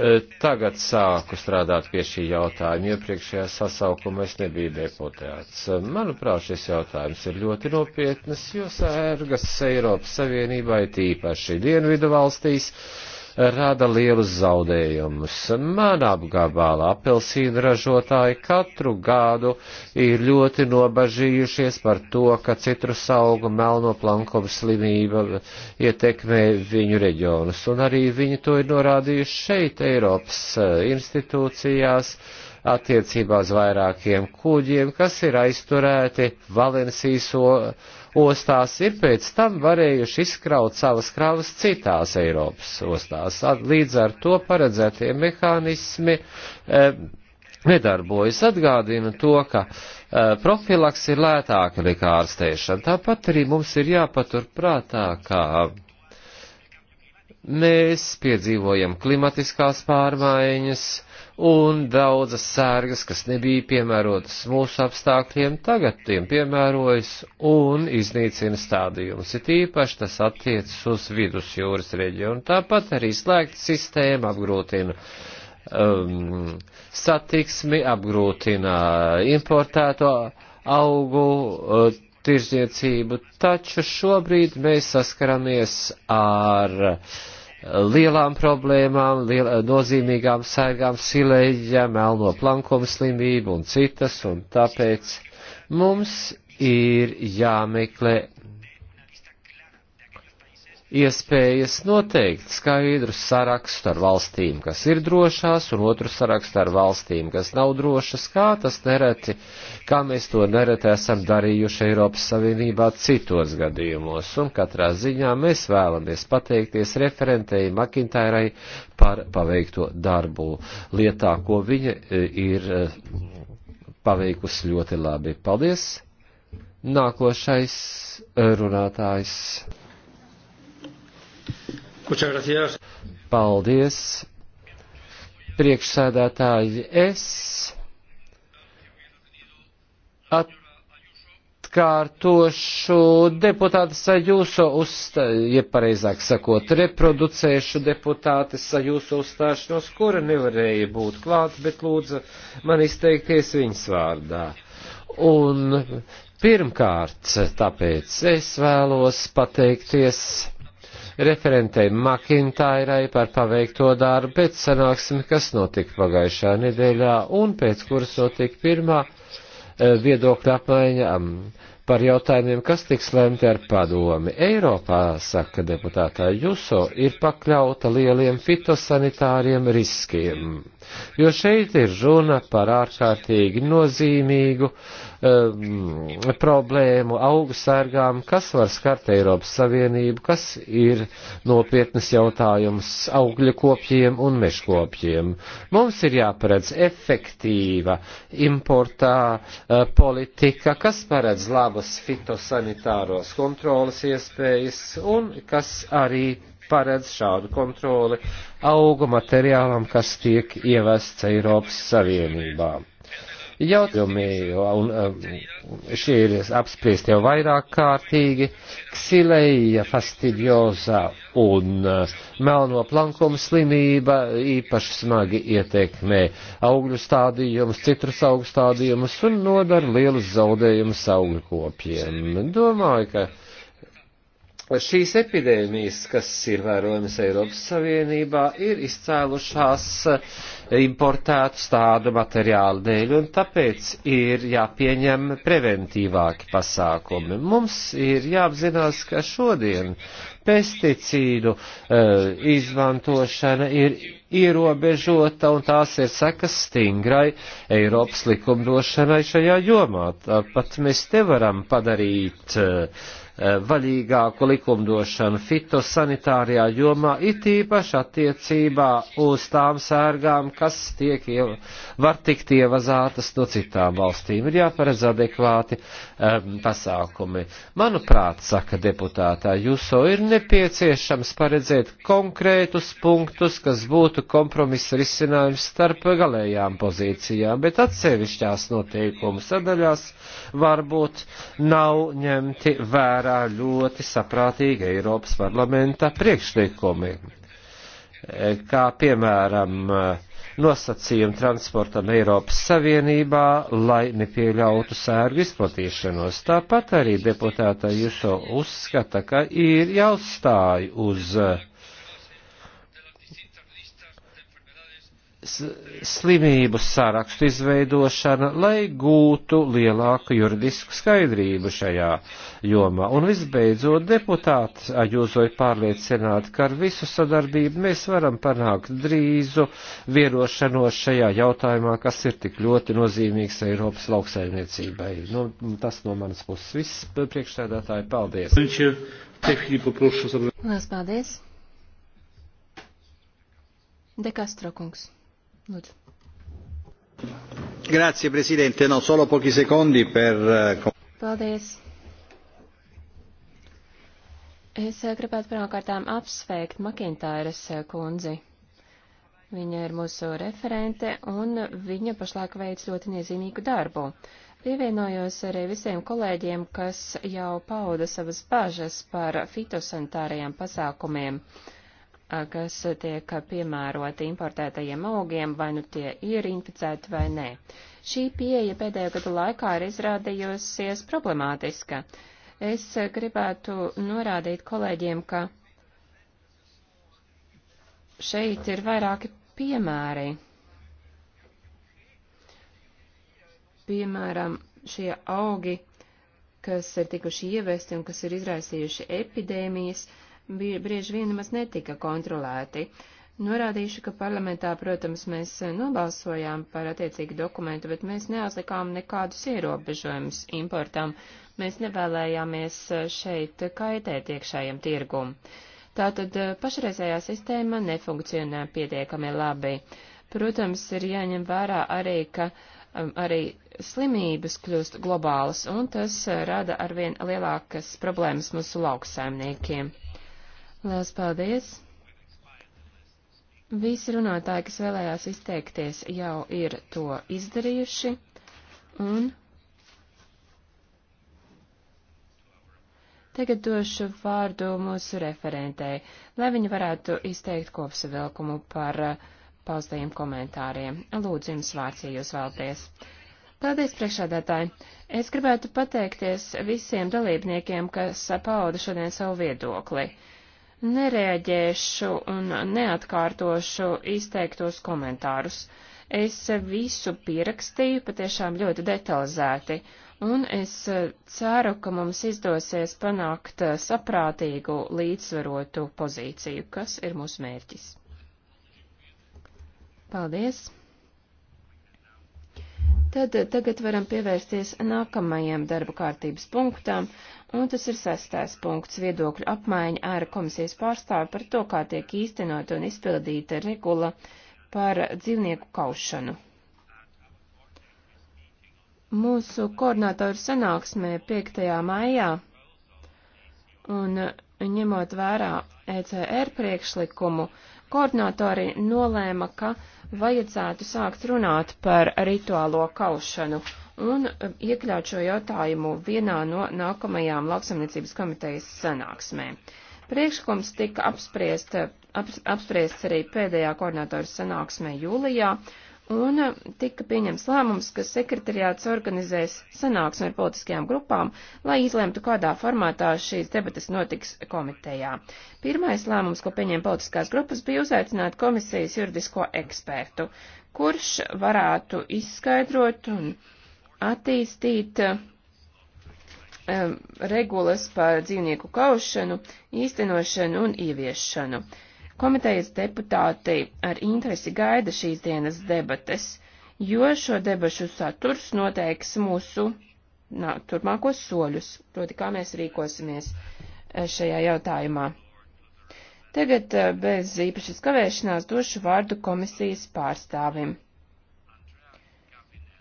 E, tagad sāku strādāt pie šī jautājuma. Iepriekšējā sasaukumā es nebiju deputēts. E, manuprāt, šis jautājums ir ļoti nopietnas, jo sērgas Eiropas Savienībai tīpaši dienvidu valstīs. Uh, rada lielus zaudējumus. Manā apgabalā apelsīnu ražotāji katru gadu ir ļoti nobažījušies par to, ka citrus augu melno plankovu slimība ietekmē viņu reģionus, un arī viņi to ir norādījuši šeit, Eiropas eh, institūcijās. Uh, attiecībā uz vairākiem kuģiem, kas ir aizturēti Valencijas ostās, ir pēc tam varējuši izkraut savas kravas citās Eiropas ostās. Līdz ar to paredzētie mehānismi e, nedarbojas. Atgādina to, ka e, profilaks ir lētāka nekā ārstēšana. Tāpat arī mums ir jāpatur prātā, ka mēs piedzīvojam klimatiskās pārmaiņas, un daudzas sērgas, kas nebija piemērotas mūsu apstākļiem, tagad tiem piemērojas un iznīcina stādījumus. It īpaši tas attiecas uz vidusjūras reģionu. Tāpat arī slēgta sistēma apgrūtina um, satiksmi, apgrūtina importēto augu. Uh, Tirzniecību, taču šobrīd mēs saskaramies ar uh, lielām problēmām, liel, nozīmīgām sērgām silēģa, melno plankuma slimību un citas, un tāpēc mums ir jāmeklē iespējas noteikt skaidru sarakstu ar valstīm, kas ir drošās, un otru sarakstu ar valstīm, kas nav drošas, kā tas nereti, kā mēs to nereti esam darījuši Eiropas Savienībā citos gadījumos, un katrā ziņā mēs vēlamies pateikties referentei Makintairai par paveikto darbu lietā, ko viņa e, ir e, paveikusi ļoti labi. Paldies! Nākošais e, runātājs. Paldies, priekšsēdētāji. Es atkārtošu deputāta sajūso uzstā, ja pareizāk sakot, reproducēšu deputāta sajūso uzstāšanos, kura nevarēja būt klāt, bet lūdza man izteikties viņas vārdā. Un pirmkārt, tāpēc es vēlos pateikties referentei Makintārai par paveikto darbu pēc sanāksmi, kas notika pagājušā nedēļā un pēc kuras notika pirmā e, viedokļa apmaiņa par jautājumiem, kas tiks lemti ar padomi. Eiropā, saka deputātā Juso, ir pakļauta lieliem fitosanitāriem riskiem, jo šeit ir runa par ārkārtīgi nozīmīgu uh, um, problēmu, augu sērgām, kas var skart Eiropas Savienību, kas ir nopietnas jautājums augļu kopjiem un meškopjiem. Mums ir jāparedz efektīva importā uh, politika, kas paredz labas fitosanitāros kontrolas iespējas un kas arī paredz šādu kontroli augu materiālam, kas tiek ievests Eiropas Savienībā jautājumi, un eh, šie ir apspriest jau vairāk kārtīgi, ksileja fastidioza un eh, melno plankuma slimība īpaši smagi ietekmē augļu stādījumus, citrus augstādījumus un nodara lielus zaudējumus augļu kopiem. Domāju, ka šīs epidēmijas, kas ir vērojamas Eiropas Savienībā, ir izcēlušās eh, importētu stādu materiālu dēļ, un tāpēc ir jāpieņem preventīvāki pasākumi. Mums ir jāapzinās, ka šodien pesticīdu uh, izmantošana ir ierobežota, un tās ir sekas stingrai Eiropas likumdošanai šajā jomā. Tāpat mēs nevaram padarīt uh, Eh, vaļīgāku likumdošanu fitosanitārijā jomā, it īpaši attiecībā uz tām sērgām, kas tiek, var tikt ievazātas no citām valstīm. Ir jāparedz adekvāti um, pasākumi. Manuprāt, saka deputātā, jūs jau ir nepieciešams paredzēt konkrētus punktus, kas būtu kompromisa risinājums starp galējām pozīcijām, bet atsevišķās noteikumu sadaļās varbūt nav ņemti vērā vērā ļoti saprātīgi Eiropas parlamenta priekšlikumi, e, kā piemēram e, nosacījumi transportam Eiropas Savienībā, lai nepieļautu sērgu izplatīšanos. Tāpat arī deputāta Juso uzskata, ka ir jāuzstāj uz uh, slimību sarakstu izveidošana, lai gūtu lielāku juridisku skaidrību šajā jomā. Un visbeidzot, deputāti aģūzoja pārliecināt, ka ar visu sadarbību mēs varam panākt drīzu vierošanos šajā jautājumā, kas ir tik ļoti nozīmīgs Eiropas lauksaimniecībai. Nu, tas no manas puses viss, priekšsēdētāji, paldies! Lielas paldies! De Castro kungs. Lūdzu. Grazie, prezidente. No, solo pochi sekundi per. Eh, Paldies. Es eh, gribētu pirmkārtām apsveikt Makintāras eh, kundzi. Viņa ir mūsu referente, un viņa pašlaik veic ļoti niezīmīgu darbu. Pievienojos arī visiem kolēģiem, kas jau pauda savas bažas par fitosanitārajiem pasākumiem. Uh, kas tiek piemēroti importētajiem augiem, vai nu tie ir inficēti vai nē. Šī pieeja pēdējo gadu laikā ir izrādījusies problemātiska. Es gribētu norādīt kolēģiem, ka šeit ir vairāki piemēri. Piemēram, šie augi, kas ir tikuši ievesti un kas ir izraisījuši epidēmijas, uh, bija brieži vien nemaz netika kontrolēti. Norādīšu, ka parlamentā, protams, mēs eh, nobalsojām par attiecīgu dokumentu, bet mēs neuzlikām nekādus ierobežojumus importam. Mēs nevēlējāmies eh, šeit kaitēt iekšējiem tirgumu. Tātad eh, pašreizējā sistēma nefunkcionē pietiekami labi. Protams, ir jāņem vērā arī, ka um, arī slimības kļūst globālas, un tas rada arvien lielākas problēmas mūsu lauksaimniekiem. Lielas paldies! Visi runātāji, kas vēlējās izteikties, jau ir to izdarījuši, un Tagad došu vārdu mūsu referentei, lai viņa varētu izteikt kopsavilkumu par eh, paustajiem komentāriem. Lūdzu, jums vārds, ja jūs vēlties. Paldies, priekšādātāji! Es gribētu pateikties visiem dalībniekiem, kas pauda šodien savu viedokli nereaģēšu un neatkārtošu izteiktos komentārus. Es visu pierakstīju patiešām ļoti detalizēti, un es ceru, ka mums izdosies panākt saprātīgu, līdzsvarotu pozīciju, kas ir mūsu mērķis. Paldies! Tad tagad varam pievērsties nākamajam darba kārtības punktam, Un tas ir sastais punkts viedokļu apmaiņa ar komisijas pārstāvi par to, kā tiek īstenot un izpildīta regula par dzīvnieku kaušanu. Mūsu koordinātoru sanāksmē 5. maijā un ņemot vērā ECR priekšlikumu, koordinātori nolēma, ka vajadzētu sākt runāt par rituālo kaušanu un um, iekļaut šo jautājumu vienā no nākamajām lauksamniecības komitejas sanāksmēm. Priekšlikums tika apspriest, uh, ap, apspriests arī pēdējā koordinātoru sanāksmē jūlijā, un um, tika pieņems lēmums, ka sekretariāts organizēs sanāksmi ar politiskajām grupām, lai izlemtu, kādā formātā šīs debatas notiks komitejā. Pirmais lēmums, ko pieņem politiskās grupas, bija uzaicināt komisijas juridisko ekspertu, kurš varētu izskaidrot un attīstīt um, regulas par dzīvnieku kaušanu, īstenošanu un ieviešanu. Komitejas deputāti ar interesi gaida šīs dienas debates, jo šo debašu saturs noteiks mūsu nā, turpmākos soļus, proti kā mēs rīkosimies eh, šajā jautājumā. Tagad eh, bez īpašas kavēšanās došu vārdu komisijas pārstāvim.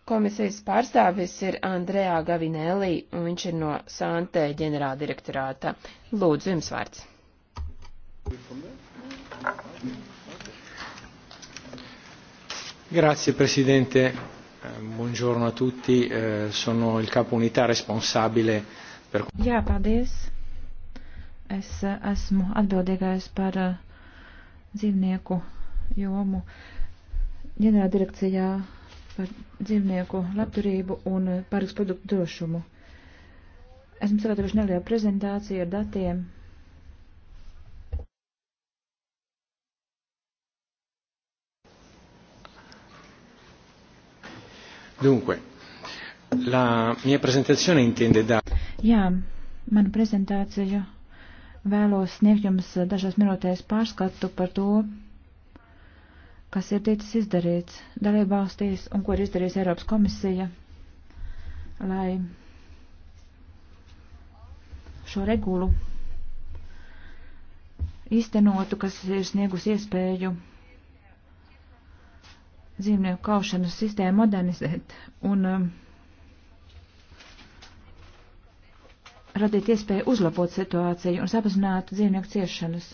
Komisijas pārstāvis ir Andrejā Gavinēlī, un viņš ir no Santē ģenerāldirektorāta. Lūdzu, jums vārds. Grazie, Presidente. Eh, buongiorno a tutti. Eh, sono il capo unità responsabile par... Jā, paldies. Es eh, esmu atbildīgais par dzīvnieku jomu ģenerāldirekcijā par dzīvnieku labturību un pārtiks produktu drošumu. Esmu sagatavojuši nelielu prezentāciju ar datiem. Dunque, la mia presentazione intende da... Jā, manu prezentāciju vēlos sniegt jums dažās minūtēs pārskatu par to, kas ir ticis izdarīts dalībvalstīs un ko ir izdarījusi Eiropas komisija, lai šo regulu īstenotu, kas ir sniegus iespēju dzīvnieku kaušanas sistēmu modernizēt un um, radīt iespēju uzlabot situāciju un sapazināt dzīvnieku ciešanas.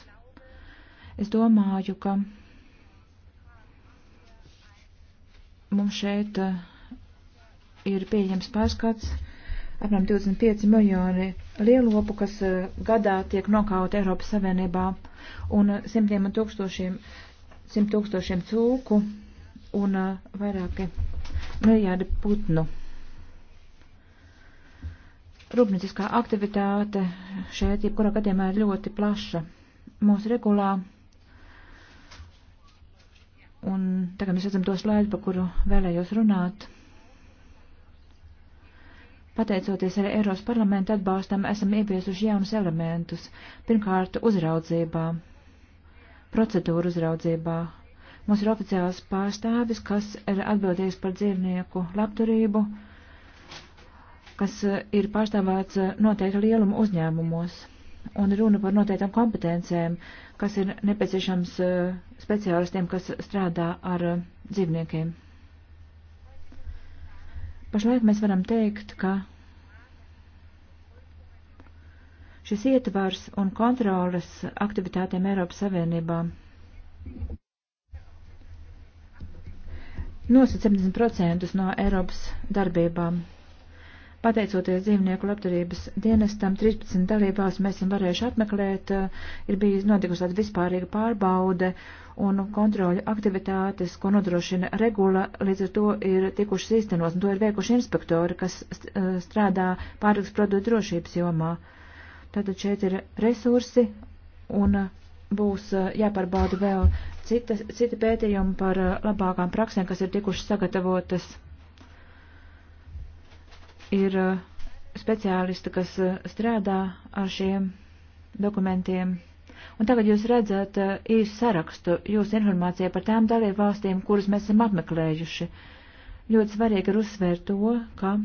Es domāju, ka Mums šeit eh, ir pieejams pārskats apmēram 25 miljoni lielopu, kas eh, gadā tiek nokaut Eiropas Savienībā un eh, simtiem un tūkstošiem, simt tūkstošiem cūku un vairāki miljārdi putnu rūpnieciskā aktivitāte šeit jebkurā gadījumā ir ļoti plaša. Mūsu regulā Un tagad mēs redzam to slaidu, pa kuru vēlējos runāt. Pateicoties arī Eiros parlamentu atbalstam, esam ieviesuši jaunus elementus. Pirmkārt, uzraudzībā, procedūru uzraudzībā. Mums ir oficiāls pārstāvis, kas ir atbildīgs par dzīvnieku labturību, kas ir pārstāvēts noteikti lieluma uzņēmumos un runa par noteiktām kompetencēm, kas ir nepieciešams eh, speciālistiem, kas strādā ar eh, dzīvniekiem. Pašlaik mēs varam teikt, ka šis ietvars un kontrolas aktivitātēm Eiropas Savienībā nosacīt 70% no Eiropas darbībām. Pateicoties dzīvnieku labdarības dienestam, 13 dalībās mēs esam varējuši apmeklēt, eh, ir bijis notikusi tāda vispārīga pārbaude un kontroļu aktivitātes, ko nodrošina regula, līdz ar to ir tikušas īstenos, un to ir veikuši inspektori, kas eh, strādā pārtiks produktu drošības jomā. Tātad šeit ir resursi un eh, būs jāpārbauda vēl cita, cita pētījuma par labākām praksēm, kas ir tikušas sagatavotas ir eh, speciālisti, kas eh, strādā ar šiem dokumentiem. Un tagad jūs redzat eh, īsu sarakstu jūsu informācijā par tām dalību valstīm, kuras mēs esam apmeklējuši. Ļoti svarīgi ir uzsvērt to, ka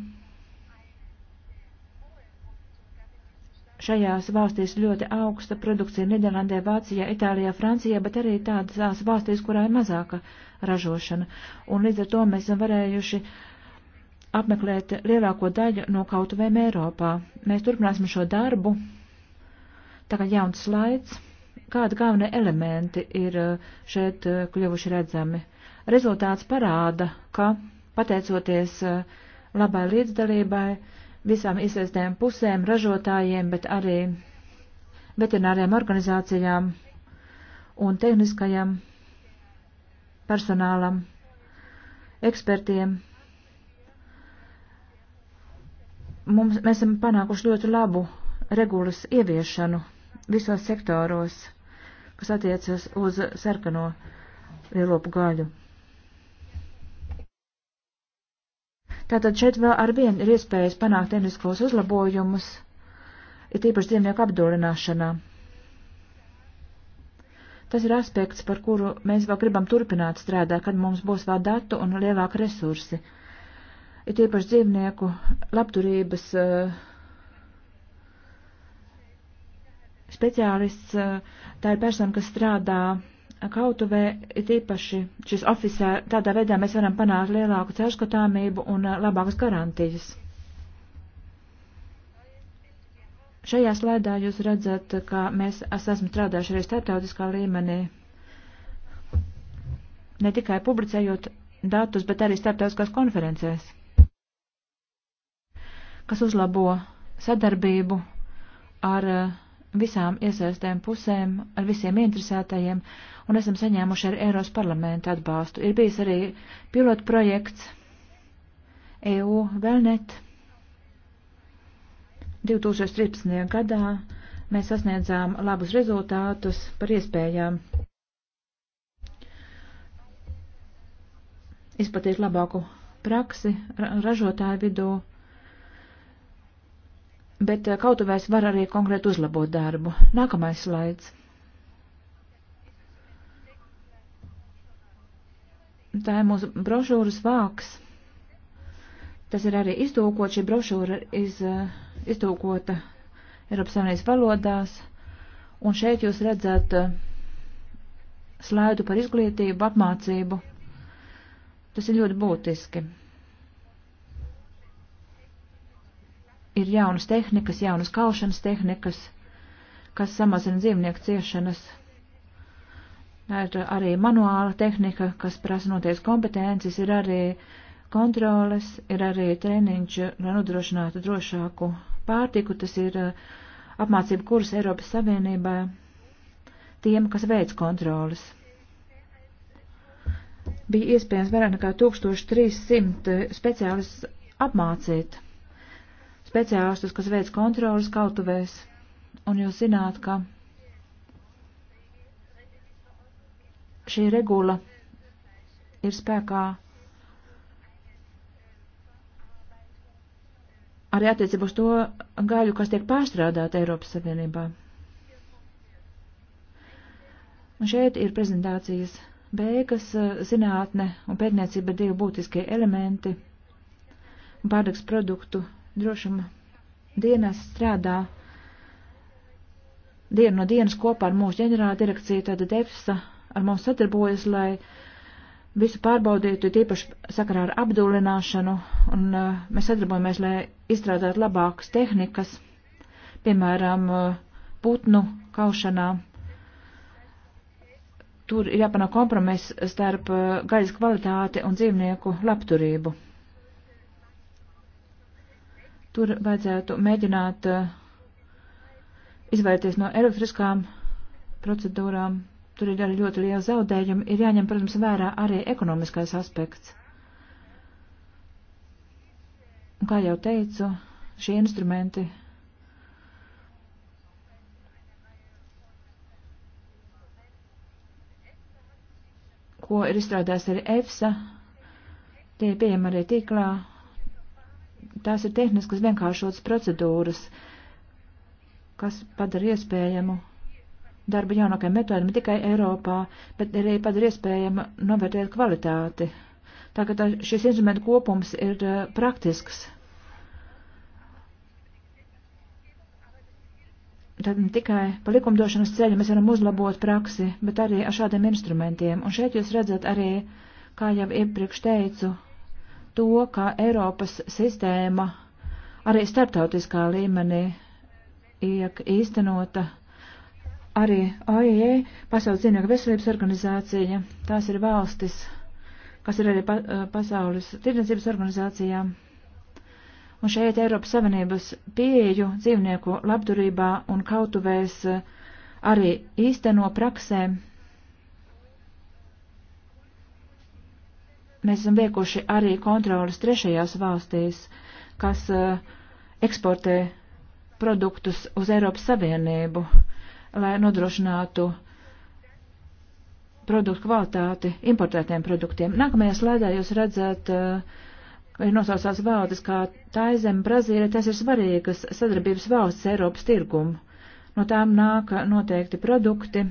Šajās valstīs ļoti augsta produkcija Nīderlandē, Vācijā, Itālijā, Francijā, bet arī tādās valstīs, kurā ir mazāka ražošana. Un līdz ar to mēs esam varējuši uh, apmeklēt lielāko daļu no kaut vēm Eiropā. Mēs turpināsim šo darbu. Tagad jauns slaids. Kādi galvenie elementi ir eh, šeit eh, kļuvuši redzami? Rezultāts parāda, ka pateicoties eh, labai līdzdalībai, visām iesaistēm pusēm, ražotājiem, bet arī veterināriem organizācijām un tehniskajam personālam, ekspertiem, mums, mēs esam panākuši ļoti labu regulas ieviešanu visos sektoros, kas attiecas uz sarkano lielopu gaļu. Tātad šeit vēl ar vienu ir iespējas panākt tehniskos uzlabojumus, ir tīpaši dzīvnieku apdulināšanā. Tas ir aspekts, par kuru mēs vēl gribam turpināt strādāt, kad mums būs vēl datu un lielāka resursi ir tiepaši dzīvnieku labturības uh, speciālists, uh, tā ir persona, kas strādā kautuvē, ir tiepaši šis oficiāls, tādā veidā mēs varam panākt lielāku caurskatāmību un uh, labākas garantijas. Šajā slēdā jūs redzat, ka mēs es esam strādājuši arī starptautiskā līmenī, ne tikai publicējot datus, bet arī starptautiskās konferencēs kas uzlabo sadarbību ar eh, visām iesaistēm pusēm, ar visiem interesētajiem, un esam saņēmuši arī Eiros parlamenta atbalstu. Ir bijis arī pilota projekts EU Velnet 2013. gadā. Mēs sasniedzām labus rezultātus par iespējām izplatīt labāku praksi ražotāju vidū bet eh, kautuvēs var arī konkrēti uzlabot darbu. Nākamais slaids. Tā ir mūsu brošūras vāks. Tas ir arī iztūkots, šī brošūra iz, eh, iztūkota Eiropas Savienības valodās. Un šeit jūs redzat eh, slaidu par izglītību, apmācību. Tas ir ļoti būtiski. ir jaunas tehnikas, jaunas kaušanas tehnikas, kas samazina dzīvnieku ciešanas. Ir arī manuāla tehnika, kas prasa noties kompetences, ir arī kontroles, ir arī treniņš, lai nodrošinātu drošāku pārtiku. Tas ir eh, apmācību kurs Eiropas Savienībā tiem, kas veids kontroles bija iespējams vairāk nekā 1300 speciālistus apmācīt speciālistus, kas veids kontrolas kautuvēs. Un jūs zināt, ka šī regula ir spēkā arī attiecībā uz to gaļu, kas tiek pārstrādāta Eiropas Savienībā. Un šeit ir prezentācijas beigas, zinātne un pētniecība divi būtiskie elementi, pārdeks produktu drošuma dienas strādā dienu no dienas kopā ar mūsu ģenerāla direkciju, tāda Depsa ar mums sadarbojas, lai visu pārbaudītu, tīpaši sakarā ar apdulināšanu, un uh, mēs sadarbojamies, lai izstrādātu labākas tehnikas, piemēram, uh, putnu kaušanā. Tur ir jāpanāk kompromiss starp uh, gaļas kvalitāti un dzīvnieku labturību. Tur vajadzētu mēģināt eh, izvairīties no erofriskām procedūrām. Tur ir arī ļoti liela zaudējuma. Ir jāņem, protams, vērā arī ekonomiskais aspekts. Un, kā jau teicu, šie instrumenti ko ir izstrādājis arī EFSA, tie ir pieejami arī tīklā, Tās ir tehniskas vienkāršotas procedūras, kas padara iespējamu darba jaunākajiem metodēm ne tikai Eiropā, bet arī padara iespējama novērtēt kvalitāti. Tā ka tā, šis instrumentu kopums ir uh, praktisks. Tad ne tikai pa likumdošanas ceļu mēs varam uzlabot praksi, bet arī ar šādiem instrumentiem. Un šeit jūs redzat arī, kā jau iepriekš teicu, to, ka Eiropas sistēma arī starptautiskā līmenī iek īstenota. Arī OIE, Pasaules dzīvnieku veselības organizācija, tās ir valstis, kas ir arī pa, pasaules tirdzniecības organizācijām. Un šeit Eiropas Savienības pieeju dzīvnieku labturībā un kautuvēs arī īsteno praksēm Mēs esam veikuši arī kontrolas trešajās valstīs, kas uh, eksportē produktus uz Eiropas Savienību, lai nodrošinātu produktu kvalitāti importētiem produktiem. Nākamajā slaidā jūs redzat, ka eh, ir nosaucās valstis kā Taizem, Brazīlija, tas ir svarīgas sadarbības valsts Eiropas tirgumu. No tām nāk noteikti produkti,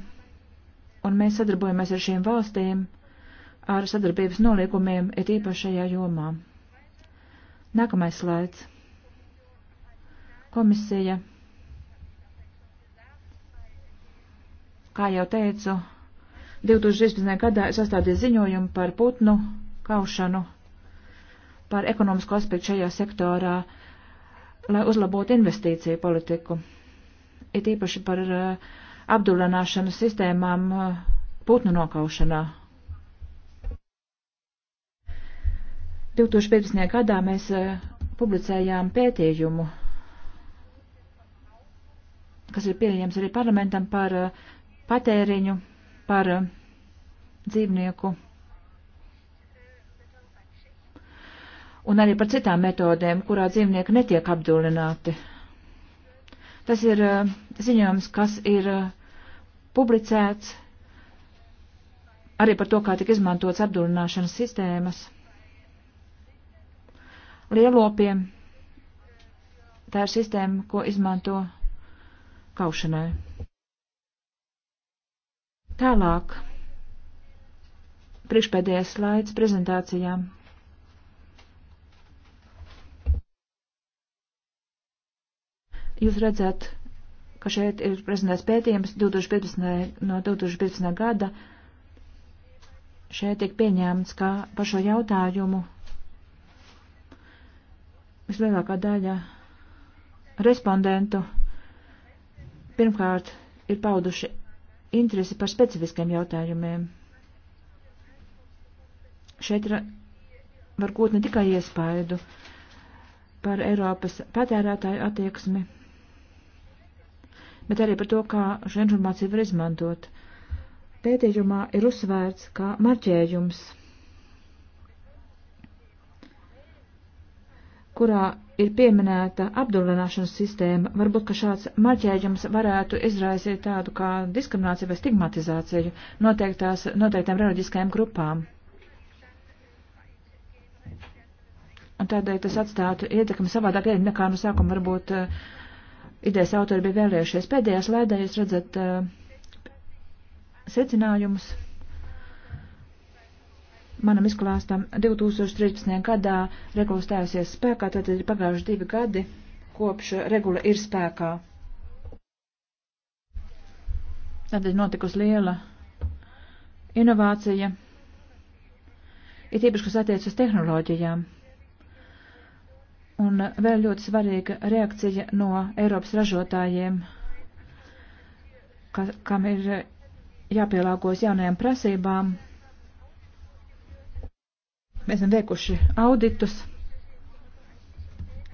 un mēs sadarbojamies ar šīm valstīm ar sadarbības noliekumiem ir īpašajā jomā. Nākamais slaids. Komisija. Kā jau teicu, 2016. gadā es sastādīju ziņojumu par putnu kaušanu, par ekonomisko aspektu šajā sektorā, lai uzlabotu investīciju politiku. Ir īpaši par eh, apdulināšanas sistēmām eh, putnu nokaušanā 2015. gadā mēs e, publicējām pētījumu, kas ir pieejams arī parlamentam par e, patēriņu, par e, dzīvnieku un arī par citām metodēm, kurā dzīvnieki netiek apdulināti. Tas ir ziņojums, kas ir publicēts arī par to, kā tika izmantots apdulināšanas sistēmas lielopiem. Tā ir sistēma, ko izmanto kaušanai. Tālāk. Priekšpēdējais slaids prezentācijām. Jūs redzat, ka šeit ir prezentēts pētījums 2015. no 2015. gada. Šeit tiek pieņēmts, ka par šo jautājumu vislielākā daļa respondentu pirmkārt ir pauduši interesi par specifiskiem jautājumiem. Šeit var gūt ne tikai iespaidu par Eiropas patērētāju attieksmi, bet arī par to, kā šo informāciju var izmantot. Pētījumā ir uzsvērts, ka marķējums – kurā ir pieminēta apdulināšanas sistēma, varbūt, ka šāds marķējums varētu izraisīt tādu kā diskrimināciju vai stigmatizāciju noteiktās, noteiktām reliģiskajām grupām. Un tādēļ tas atstātu ietekmi savādāk ēdi nekā no sākuma varbūt uh, idejas autori bija vēlējušies. Pēdējā slēdē jūs redzat uh, secinājumus manam izklāstam 2013. gadā regula stājusies spēkā, tad ir pagājuši divi gadi, kopš regula ir spēkā. Tad ir notikusi liela inovācija, ir tīpaši, kas attiec uz tehnoloģijām. Un vēl ļoti svarīga reakcija no Eiropas ražotājiem, ka, kam ir jāpielāgojas jaunajām prasībām Mēs esam veikuši auditus,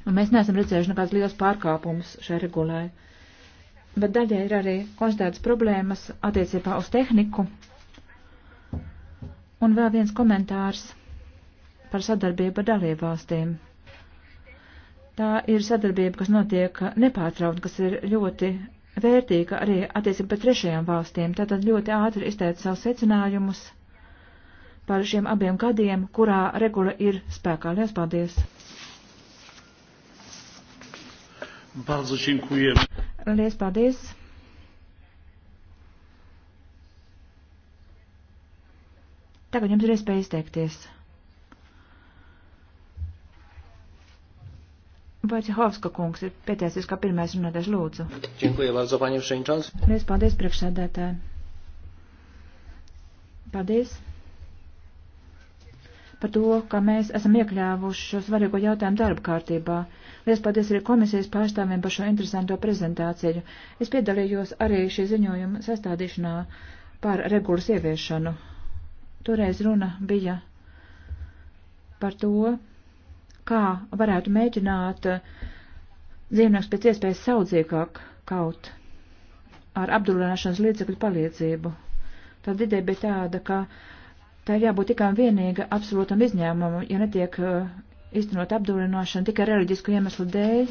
un mēs neesam redzējuši nekādas liels pārkāpumus šai regulai. Bet daļai ir arī konstatētas problēmas attiecībā uz tehniku. Un vēl viens komentārs par sadarbību ar dalībvalstīm. Tā ir sadarbība, kas notiek nepārtraukt, kas ir ļoti vērtīga arī attiecībā pret trešajām valstīm. Tātad ļoti ātri izteica savus secinājumus par šiem abiem gadiem, kurā regula ir spēkā. Lies paldies! Bardzo dziękuję. Lies paldies! Tagad jums ir iespēja izteikties. Vaicehovska kungs ir pieteicis, kā pirmais runātais lūdzu. Dziękuję bardzo, panie przewodniczący. Lies paldies, priekšsēdētāji. Paldies par to, ka mēs esam iekļāvuši šo svarīgo jautājumu darba kārtībā. Lies paldies arī komisijas pārstāvjiem par šo interesanto prezentāciju. Es piedalījos arī šī ziņojuma sastādīšanā par regulas ieviešanu. Toreiz runa bija par to, kā varētu mēģināt dzīvnieks pēc iespējas saudzīgāk kaut ar apdulināšanas līdzekļu palīdzību. Tad ideja bija tāda, ka tā jābūt tikai un vienīgi absolūtam izņēmumam, ja netiek eh, īstenot apdulināšanu tikai reliģisku iemeslu dēļ,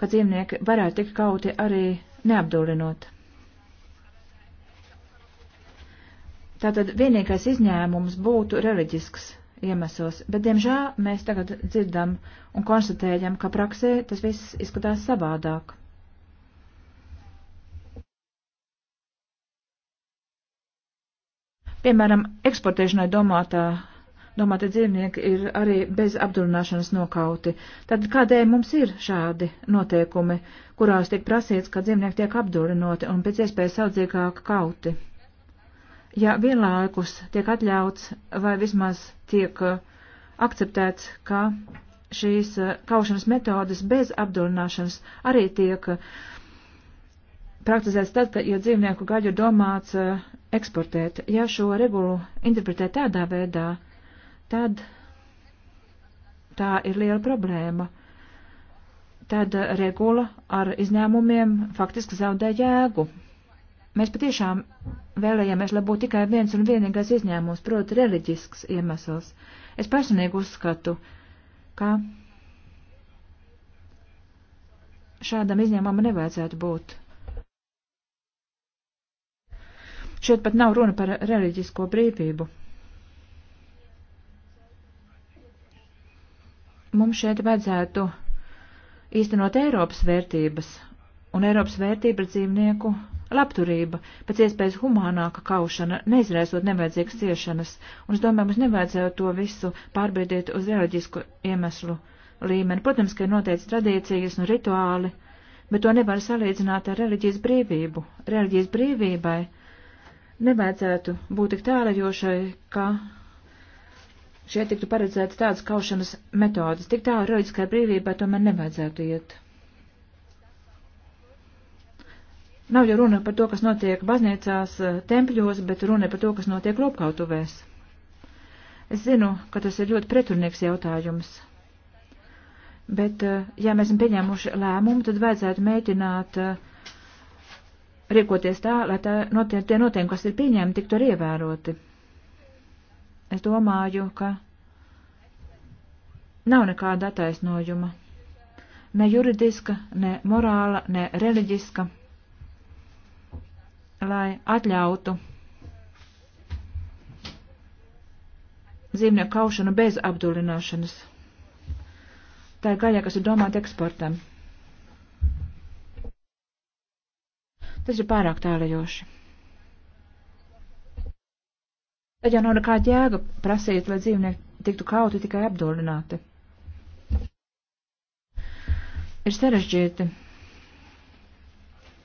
ka dzīvnieki varētu tikt kauti arī neapdulinot. Tātad vienīgais izņēmums būtu reliģisks iemesls, bet diemžēl mēs tagad dzirdam un konstatējam, ka praksē tas viss izskatās savādāk. Piemēram, eksportēšanai domātā, domāti dzīvnieki ir arī bez apdulināšanas nokauti. Tad kādēļ mums ir šādi noteikumi, kurās tiek prasīts, ka dzīvnieki tiek apdulināti un pēc iespējas saudzīgāk kauti? Ja vienlaikus tiek atļauts vai vismaz tiek uh, akceptēts, ka šīs uh, kaušanas metodas bez apdulināšanas arī tiek uh, praktizēts tad, kad, ja dzīvnieku gaļu domāts eksportēt. Ja šo regulu interpretē tādā veidā, tad tā ir liela problēma. Tad regula ar izņēmumiem faktiski zaudē jēgu. Mēs patiešām vēlējāmies, lai būtu tikai viens un vienīgais izņēmums, proti reliģisks iemesls. Es personīgi uzskatu, ka šādam izņēmumam nevajadzētu būt. Šeit pat nav runa par reliģisko brīvību. Mums šeit vajadzētu īstenot Eiropas vērtības, un Eiropas vērtība ir dzīvnieku labturība, pēc iespējas humānāka kaušana, neizraisot nevajadzīgas ciešanas, un es domāju, mums nevajadzētu to visu pārbēdīt uz reliģisku iemeslu līmeni. Protams, ka ir noteikts tradīcijas un rituāli, bet to nevar salīdzināt ar reliģijas brīvību. Reliģijas brīvībai nevajadzētu būt tik tālajošai, ka šeit tiktu paredzētas tādas kaušanas metodas. Tik tālu reliģiskai brīvībai tomēr nevajadzētu iet. Nav jau runa par to, kas notiek baznīcās, eh, tempļos, bet runa par to, kas notiek lopkautuvēs. Es zinu, ka tas ir ļoti pretrunīgs jautājums. Bet, eh, ja mēs esam pieņēmuši lēmumu, tad vajadzētu mēģināt uh, rīkoties tā, lai tā notie, tie noteikumi, kas ir pieņemti, tiktu arī ievēroti. Es domāju, ka nav nekāda attaisnojuma. Ne juridiska, ne morāla, ne reliģiska, lai atļautu zīmju kaušanu bez apdulināšanas. Tā ir gaļa, kas ir domāta eksportam. Tas ir pārāk tālajoši. Tad jau nav nekāda jēga prasīt, lai dzīvnieki tiktu kauti tikai apdulināti. Ir sarežģīti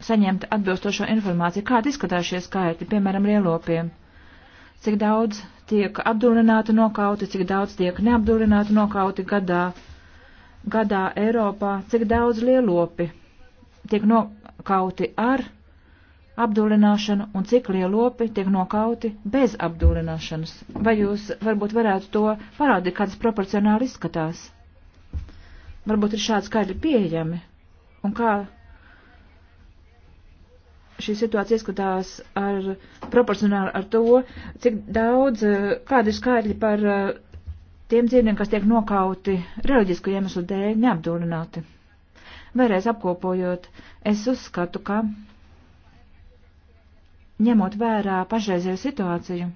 saņemt atbilstošo informāciju, kāda izskatās šie skaitļi, piemēram, lielopiem. Cik daudz tiek apdulināti nokauti, cik daudz tiek neapdulināti nokauti gadā, gadā Eiropā, cik daudz lielopi tiek nokauti ar apdulināšanu un cik lielopi tiek nokauti bez apdulināšanas. Vai jūs varbūt varētu to parādīt, kādas proporcionāli izskatās? Varbūt ir šādi skaidri pieejami. Un kā šī situācija izskatās ar proporcionāli ar to, cik daudz, eh, kādi ir skaidri par eh, tiem dzīvniekiem, kas tiek nokauti reliģisku iemeslu dēļ neapdulināti. Vēlreiz apkopojot, es uzskatu, ka ņemot vērā pašreizēju situāciju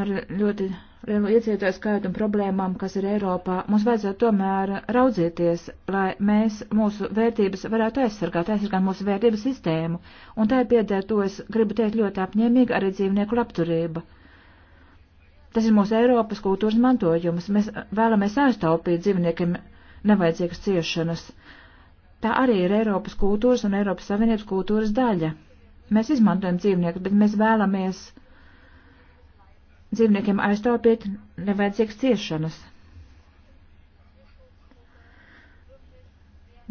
ar ļoti lielu iecietoju skaitu un problēmām, kas ir Eiropā, mums vajadzētu tomēr raudzīties, lai mēs mūsu vērtības varētu aizsargāt, aizsargāt mūsu vērtības sistēmu, un tā ir piedēļ to es gribu teikt ļoti apņēmīgi arī dzīvnieku labturība. Tas ir mūsu Eiropas kultūras mantojums, mēs vēlamies aiztaupīt dzīvniekiem nevajadzīgas ciešanas. Tā arī ir Eiropas kultūras un Eiropas Savienības kultūras daļa. Mēs izmantojam dzīvniekus, bet mēs vēlamies dzīvniekiem aiztaupīt nevajadzīgas ciešanas.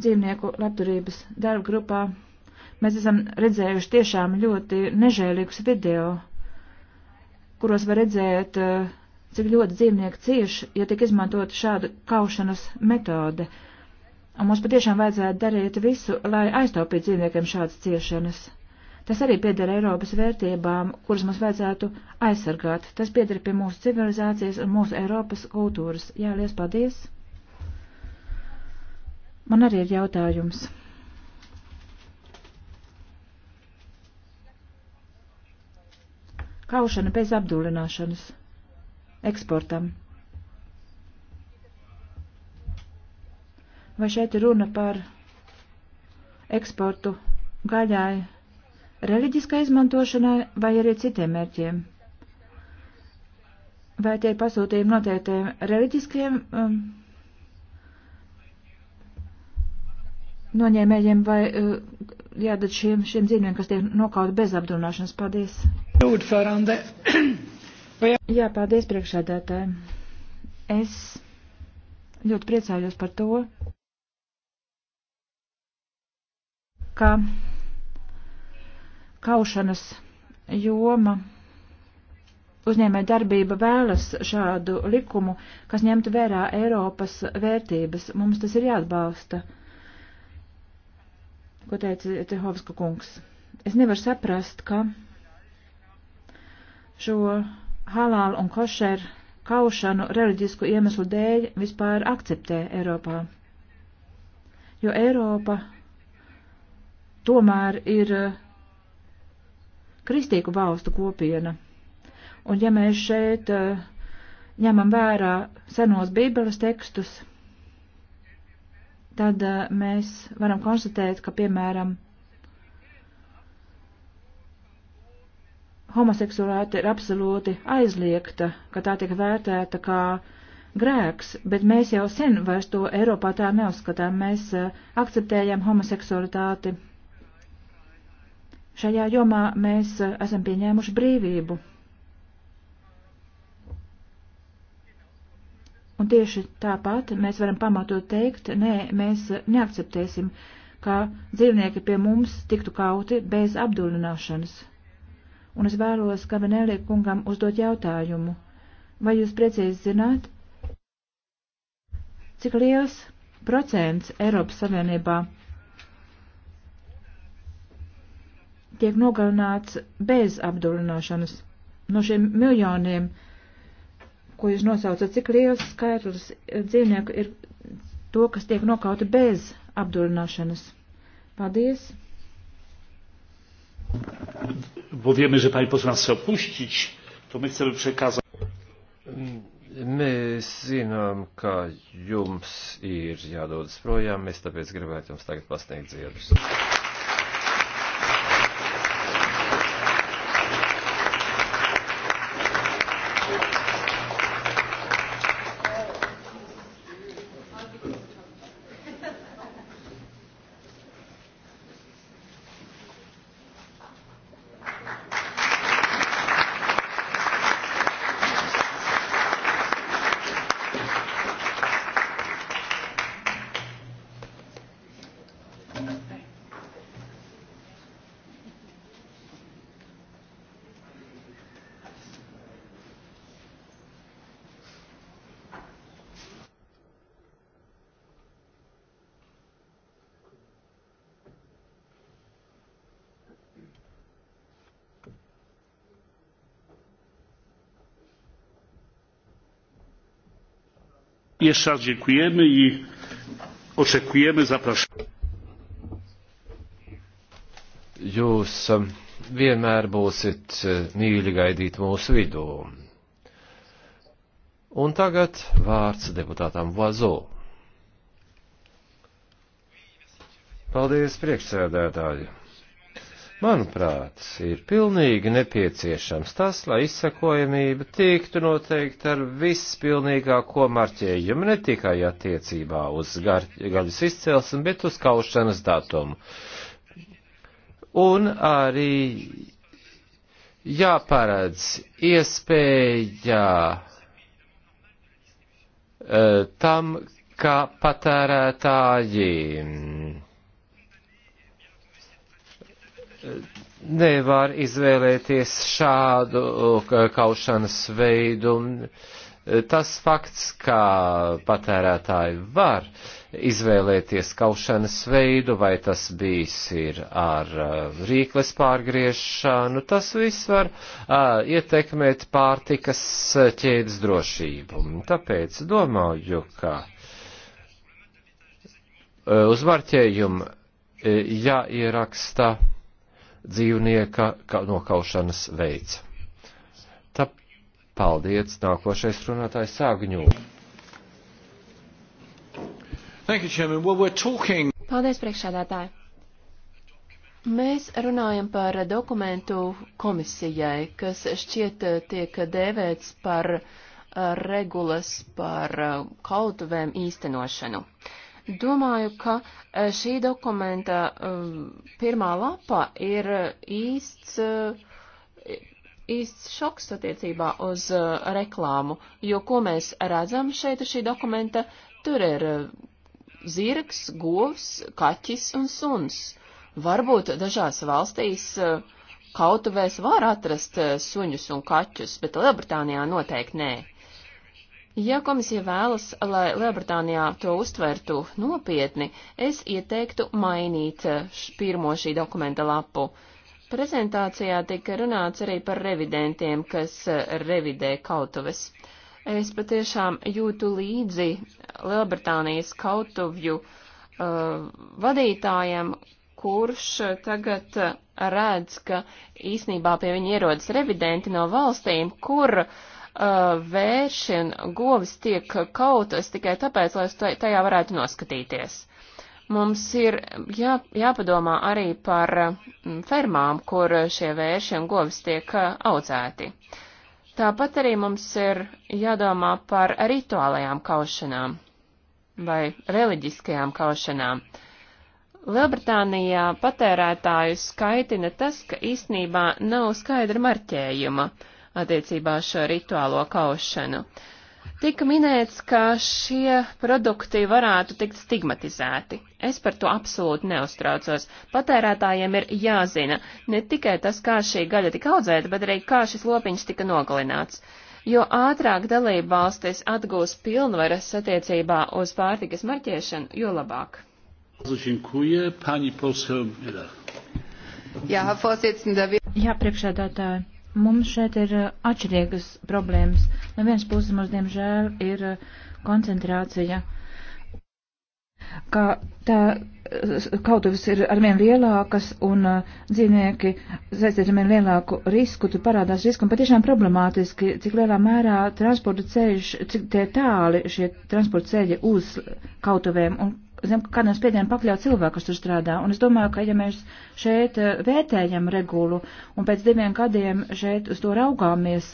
Dzīvnieku labturības darba grupā mēs esam redzējuši tiešām ļoti nežēlīgus video, kuros var redzēt, eh, cik ļoti dzīvnieki cieši, ja tiek izmantot šāda kaušanas metode. Uh, Un mums patiešām vajadzētu darīt visu, lai aiztaupītu dzīvniekiem šādas ciešanas. Tas arī pieder Eiropas vērtībām, kuras mums vajadzētu aizsargāt. Tas pieder pie mūsu civilizācijas un mūsu Eiropas kultūras. Jā, liels paldies! Man arī ir jautājums. Kaušana bez apdulināšanas. Eksportam. Vai šeit ir runa par eksportu gaļai reliģiskai izmantošanai vai arī citiem mērķiem? Vai tie ir pasūtījumi noteiktiem reliģiskiem um, noņēmējiem vai uh, jādod šiem, šiem dzīvniekiem, kas tiek nokaut bez apdrunāšanas? Paldies! Jā, paldies priekšādētājiem! Es ļoti priecājos par to, ka kaušanas joma uzņēmē darbība vēlas šādu likumu, kas ņemtu vērā Eiropas vērtības. Mums tas ir jāatbalsta, ko teica Tehovska kungs. Es nevaru saprast, ka šo halālu un košeru kaušanu reliģisku iemeslu dēļ vispār akceptē Eiropā. Jo Eiropa tomēr ir eh, kristīgu valstu kopiena. Un ja mēs šeit eh, ņemam vērā senos bībeles tekstus, tad eh, mēs varam konstatēt, ka, piemēram, homoseksualitāte ir absolūti aizliegta, ka tā tiek vērtēta kā grēks, bet mēs jau sen vairs to Eiropā tā neuzskatām. Mēs akceptējam homoseksualitāti Šajā jomā mēs eh, esam pieņēmuši brīvību. Un tieši tāpat mēs varam pamatot teikt, nē, mēs neakceptēsim, ka dzīvnieki pie mums tiktu kauti bez apdulināšanas. Un es vēlos Kavinēlī kungam uzdot jautājumu. Vai jūs precīzi zināt, cik liels procents Eiropas Savienībā tiek nogalināts bez apdulināšanas. No šiem miljoniem, ko jūs nosaucat, cik liels skaitlis eh, dzīvnieku ir to, kas tiek nokauti bez apdulināšanas. Paldies! Bo wiemy, że pani poseł nas chce opuścić, to my chcemy przekazać. Mēs zinām, ka jums ir jādodas projām, mēs tāpēc gribētu jums tagad pasniegt dziedus. Jeszcze raz dziękujemy i oczekujemy, zapraszamy. Jūs um, vienmēr būsiet uh, mīļi gaidīt mūsu vidū. Un tagad vārds deputātam Vazo. Paldies, priekšsēdētāji! manuprāt, ir pilnīgi nepieciešams tas, lai izsakojamība tiktu noteikta ar vispilnīgāko marķējumu ne tikai attiecībā uz gar, gaļas izcelsmi, bet uz kaušanas datumu. Un arī jāparedz iespējā eh, tam, kā patērētāji nevar izvēlēties šādu uh, kaušanas veidu. Tas fakts, ka patērētāji var izvēlēties kaušanas veidu, vai tas bijis ir ar uh, rīkles pārgriešanu, tas viss var a, uh, ietekmēt pārtikas ķēdes drošību. Tāpēc domāju, ka uz marķējumu jāieraksta. Ja dzīvnieka nokaušanas veids. Tap, paldies, nākošais runātājs Sāgņū. Paldies, priekšādātāji. Mēs runājam par dokumentu komisijai, kas šķiet eh, tiek dēvēts par eh, regulas par eh, kautuvēm īstenošanu. Uh, Domāju, ka e, šī dokumenta e, pirmā lapa ir e, īsts, īsts šoks attiecībā uz reklāmu, jo ko mēs redzam šeit ar šī dokumenta, tur ir zirgs, govs, kaķis un suns. Varbūt dažās valstīs kautuvēs var atrast suņus un kaķus, bet Lielbritānijā noteikti nē. Ja komisija vēlas, lai Lielbritānijā to uztvertu nopietni, es ieteiktu mainīt eh, pirmo šī dokumenta lapu. Prezentācijā tika runāts arī par revidentiem, kas eh, revidē kautuves. Es patiešām jūtu līdzi Lielbritānijas kautuvju uh, eh, vadītājam, kurš tagad redz, ka īsnībā pie viņa ierodas revidenti no valstīm, kur uh, Uh, vērši un govis tiek kautas tikai tāpēc, lai tajā varētu noskatīties. Mums ir jā, jāpadomā arī par mm, fermām, kur šie vērši un govis tiek uh, audzēti. Tāpat arī mums ir jādomā par rituālajām kaušanām vai reliģiskajām kaušanām. Lielbritānijā patērētāju skaitina tas, ka īstenībā nav skaidra marķējuma. Uh, attiecībā šo rituālo kaušanu. Tika minēts, ka šie produkti varētu tikt stigmatizēti. Es par to absolūti neuztraucos. Patērētājiem ir jāzina ne tikai tas, kā šī gaļa tika audzēta, bet arī kā šis lopiņš tika nogalināts. Jo ātrāk dalība valstis atgūs pilnvaras attiecībā uz pārtikas marķēšanu, jo labāk. Jā, priekšsēdētāji. Mums šeit ir eh, atšķirīgas problēmas. No vienas puses mums, diemžēl, ir eh, koncentrācija, ka tā eh, kautuvas ir arvien lielākas un dzīvnieki saistīti arvien lielāku risku, tur parādās risku un patiešām problemātiski, cik lielā mērā transporta ceļš, cik tie tāli šie transporta ceļi uz kautuvēm un zem kādiem spiedieniem pakļaut cilvēku, kas tur strādā. Un es domāju, ka ja mēs šeit eh, vērtējam regulu un pēc diviem gadiem šeit uz to raugāmies,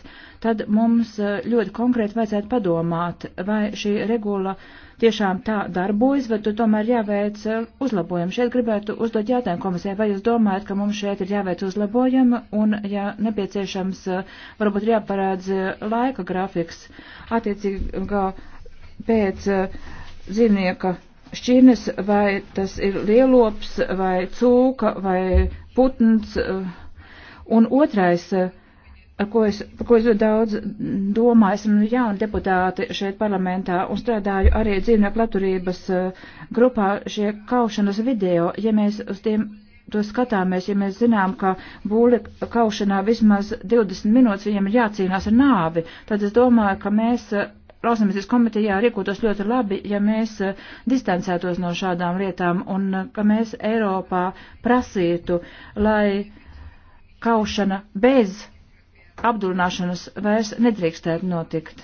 tad mums eh, ļoti konkrēti vajadzētu padomāt, vai šī regula tiešām tā darbojas, vai tur tomēr jāveic eh, uzlabojumi. Šeit gribētu uzdot jautājumu komisijai, vai jūs domājat, ka mums šeit ir jāveic uzlabojumi un, ja nepieciešams, varbūt ir jāparādz laika grafiks attiecīgi pēc dzīvnieka šķirnes, vai tas ir lielops, vai cūka, vai putns. Eh, un otrais, eh, ar ko es, par ko es ļoti daudz domāju, esmu jauna deputāte šeit parlamentā un strādāju arī dzīvnieku labturības eh, grupā šie kaušanas video. Ja mēs uz tiem to skatāmies, ja mēs zinām, ka būle kaušanā vismaz 20 minūtes viņam ir jācīnās ar nāvi, tad es domāju, ka mēs lausamiesies komitejā rīkotos ļoti labi, ja mēs eh, distancētos no šādām lietām un eh, ka mēs Eiropā prasītu, lai kaušana bez apdurināšanas vairs nedrīkstētu notikt.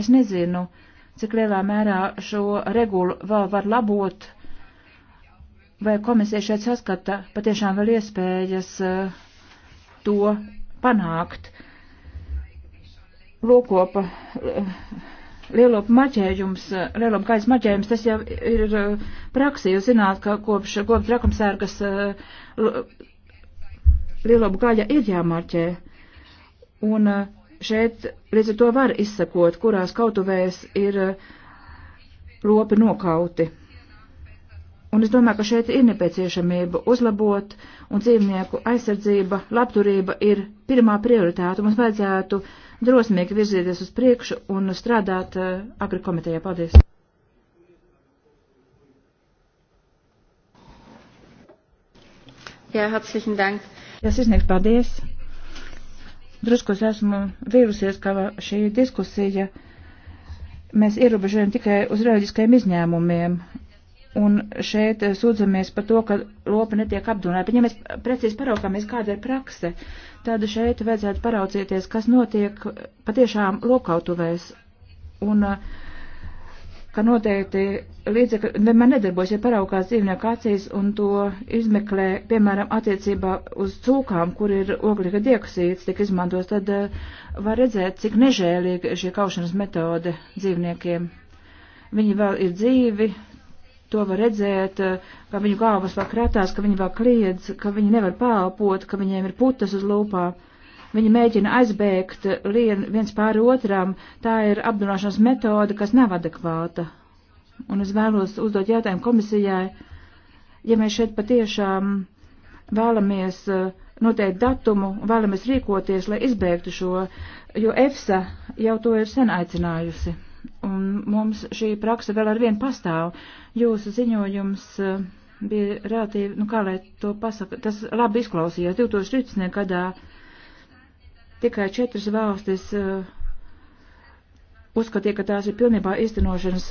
Es nezinu, cik lielā mērā šo regulu vēl var labot, vai komisija šeit saskata patiešām vēl iespējas eh, to panākt. Uh, lokopa, lielopa maķējums, lielopa gaisa maķējums, tas jau ir praksī, jūs zināt, ka kopš gobu trakumsērgas lielopa gaļa ir jāmaķē. Un šeit līdz ar to var izsakot, kurās kautuvēs ir lopi nokauti. Un es domāju, ka šeit ir nepieciešamība uzlabot, un dzīvnieku aizsardzība, labturība ir pirmā prioritāte. Mums vajadzētu uh, drosmīgi virzīties uz priekšu un strādāt eh, agri komitejā. Paldies! Jā, herzlichen Dank. Jā, sirsnieks, paldies. Druskos esmu vīrusies, ka šī diskusija mēs ierobežojam tikai uz reliģiskajiem izņēmumiem. Un šeit eh, sūdzamies par to, ka lopi netiek apdunāti. Ja mēs precīzi paraugāmies, kāda ir prakse, tad šeit vajadzētu paraudzīties, kas notiek patiešām lokautuvēs. Un, uh, ka noteikti līdzekļi vienmēr nedarbojas, ja paraugās dzīvnieku acīs un to izmeklē, piemēram, attiecībā uz cūkām, kur ir oglika dioksīds, tiek izmantos, tad uh, var redzēt, cik nežēlīga ir šī kaušanas metode dzīvniekiem. Viņi vēl ir dzīvi, To var redzēt, eh, ka viņu galvas vēl kratās, ka viņi vēl kliedz, ka viņi nevar pālpot, ka viņiem ir putas uz lūpā. Viņi mēģina aizbēgt lien, viens pāri otram. Tā ir apdrošināšanas metode, kas nav adekvāta. Un es vēlos uzdot jautājumu komisijai, ja mēs šeit patiešām vēlamies eh, noteikt datumu, vēlamies rīkoties, lai izbēgtu šo, jo EFSA jau to ir sen aicinājusi un mums šī praksa vēl ar vienu pastāv. Jūsu ziņojums eh, bija relatīvi, nu kā lai to pasaka, tas labi izklausījās 2013. gadā tikai četras valstis eh, uzskatīja, ka tās ir pilnībā iztenošanas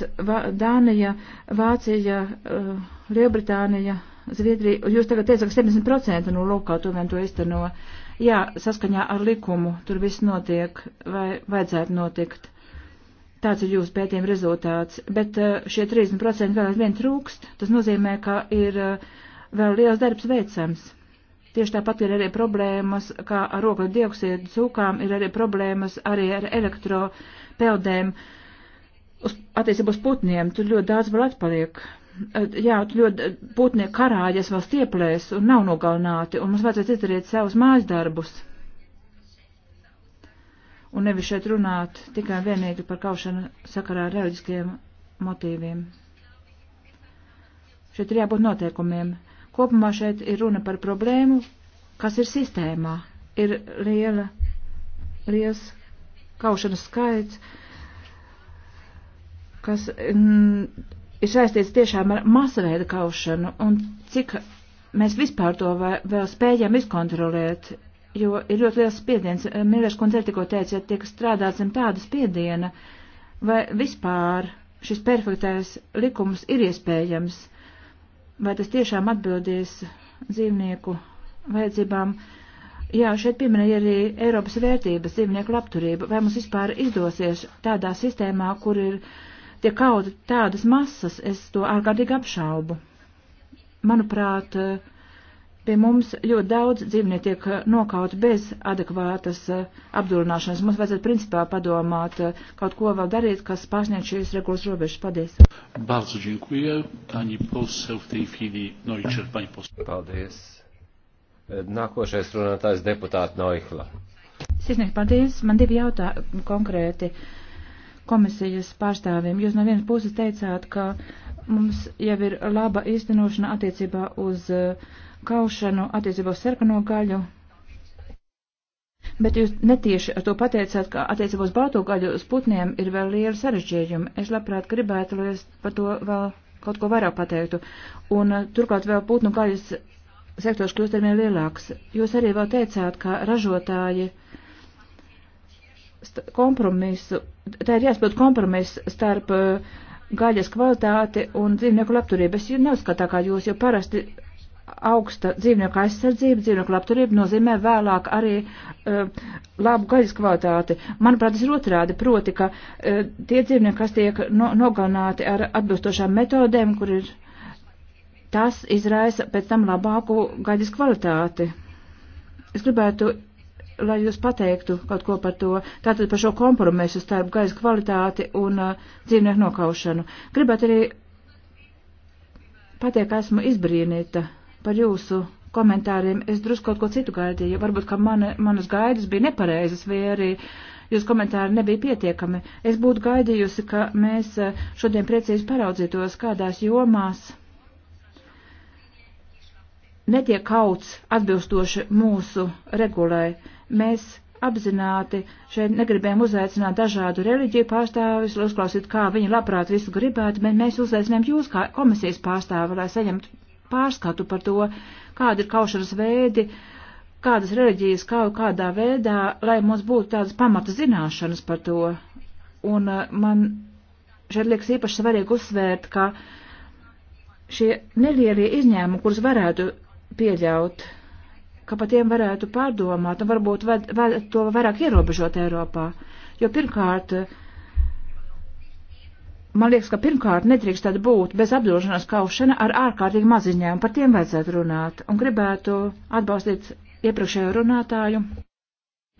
Dānija, Vācija, eh, Lielbritānija, Zviedrija. Jūs tagad teicat, ka 70% no lokā tomēr to izteno. Jā, saskaņā ar likumu tur viss notiek vai vajadzētu notikt. Tāds ir jūsu pētījuma rezultāts. Bet eh, šie 30% vēl aizvien trūkst. Tas nozīmē, ka ir eh, vēl liels darbs veicams. Tieši tāpat ir arī problēmas, kā ar ogļu dioksīdu cūkām, ir arī problēmas arī ar elektropeldēm uz, attiecībā uz putniem. Tur ļoti daudz vēl atpaliek. Eh, jā, tur ļoti putnie karājas vēl stieplēs un nav nogalnāti, un mums vajadzētu izdarīt savus mājas darbus un nevis šeit runāt tikai vienīgi par kaušanu sakarā ar reliģiskiem motīviem. Šeit ir jābūt noteikumiem. Kopumā šeit ir runa par problēmu, kas ir sistēmā. Ir liela, liels kaušanas skaits, kas mm, ir saistīts tiešām ar masveida kaušanu, un cik mēs vispār to vēl spējam izkontrolēt, jo ir ļoti liels spiediens. Eh, Mīlēš kundze tikko teica, ja tiek strādāts zem tāda spiediena, vai vispār šis perfektais likums ir iespējams, vai tas tiešām atbildies dzīvnieku vajadzībām. Jā, šeit pieminēja arī Eiropas vērtības, dzīvnieku labturība, vai mums vispār izdosies tādā sistēmā, kur ir tiek kaut tādas masas, es to ārkārtīgi apšaubu. Manuprāt, uh, Pie mums ļoti daudz dzīvnieku tiek eh, nokauti bez adekvātas eh, apdulināšanas. Mums vajadzētu principā padomāt eh, kaut ko vēl darīt, kas pārsniedz šīs regulas robežas. Paldies. Bardzo dziękuję. Pani poseł w tej chwili Neuchel, pani poseł. Paldies. Nākošais runātājs deputāta Neuchla. Sisnieks, paldies. Man divi jautājumi konkrēti komisijas pārstāvjiem. Jūs no vienas puses teicāt, ka mums jau ir laba īstenošana attiecībā uz uh, kaušanu attiecībā uz sarkano gaļu. Bet jūs netieši ar to pateicāt, ka attiecībā uz balto gaļu uz putniem ir vēl liela sarežģījuma. Es labprāt gribētu, lai es par to vēl kaut ko vairāk pateiktu. Un eh, turklāt vēl putnu gaļas sektors kļūst arvien lielāks. Jūs arī vēl teicāt, ka ražotāji kompromisu, tā ir jāspēlēt kompromiss starp eh, gaļas kvalitāti un dzīvnieku labturību. Es neuzskatā, kā jūs, jo parasti augsta dzīvnieku aizsardzība, dzīvnieku labturība nozīmē vēlāk arī uh, labu gaļas kvalitāti. Manuprāt, tas ir otrādi, proti, ka uh, tie dzīvnieki, kas tiek no, nogalināti ar atbilstošām metodēm, kur ir tas izraisa pēc tam labāku gaļas kvalitāti. Es gribētu, lai jūs pateiktu kaut ko par to, tātad par šo kompromisu starp gaļas kvalitāti un uh, dzīvnieku nokaušanu. Gribētu arī pateikt, ka esmu izbrīnīta par jūsu komentāriem. Es drusku kaut ko citu gaidīju. Varbūt, ka mani, manas gaidas bija nepareizas vai arī jūs komentāri nebija pietiekami. Es būtu gaidījusi, ka mēs eh, šodien precīzi paraudzītos, kādās jomās netiek kauts atbilstoši mūsu regulai. Mēs apzināti šeit negribējām uzaicināt dažādu reliģiju pārstāvis, lai uzklausītu, kā viņi labprāt visu gribētu, bet mēs uzaicinām jūs kā komisijas pārstāvi, lai saņemtu pārskatu par to, kāda ir kaušanas veidi, kādas reliģijas kaut kādā veidā, lai mums būtu tādas pamata zināšanas par to. Un eh, man šeit liekas īpaši svarīgi uzsvērt, ka šie nelielie izņēmumi, kurus varētu pieļaut, ka par tiem varētu pārdomāt un varbūt vēl to vairāk ierobežot Eiropā. Jo pirmkārt, uh, man liekas, ka pirmkārt nedrīkst tāda būt bez apdrošināšanas kaušana ar ārkārtīgi maziņām. Par tiem vajadzētu runāt un gribētu atbalstīt iepriekšējo runātāju.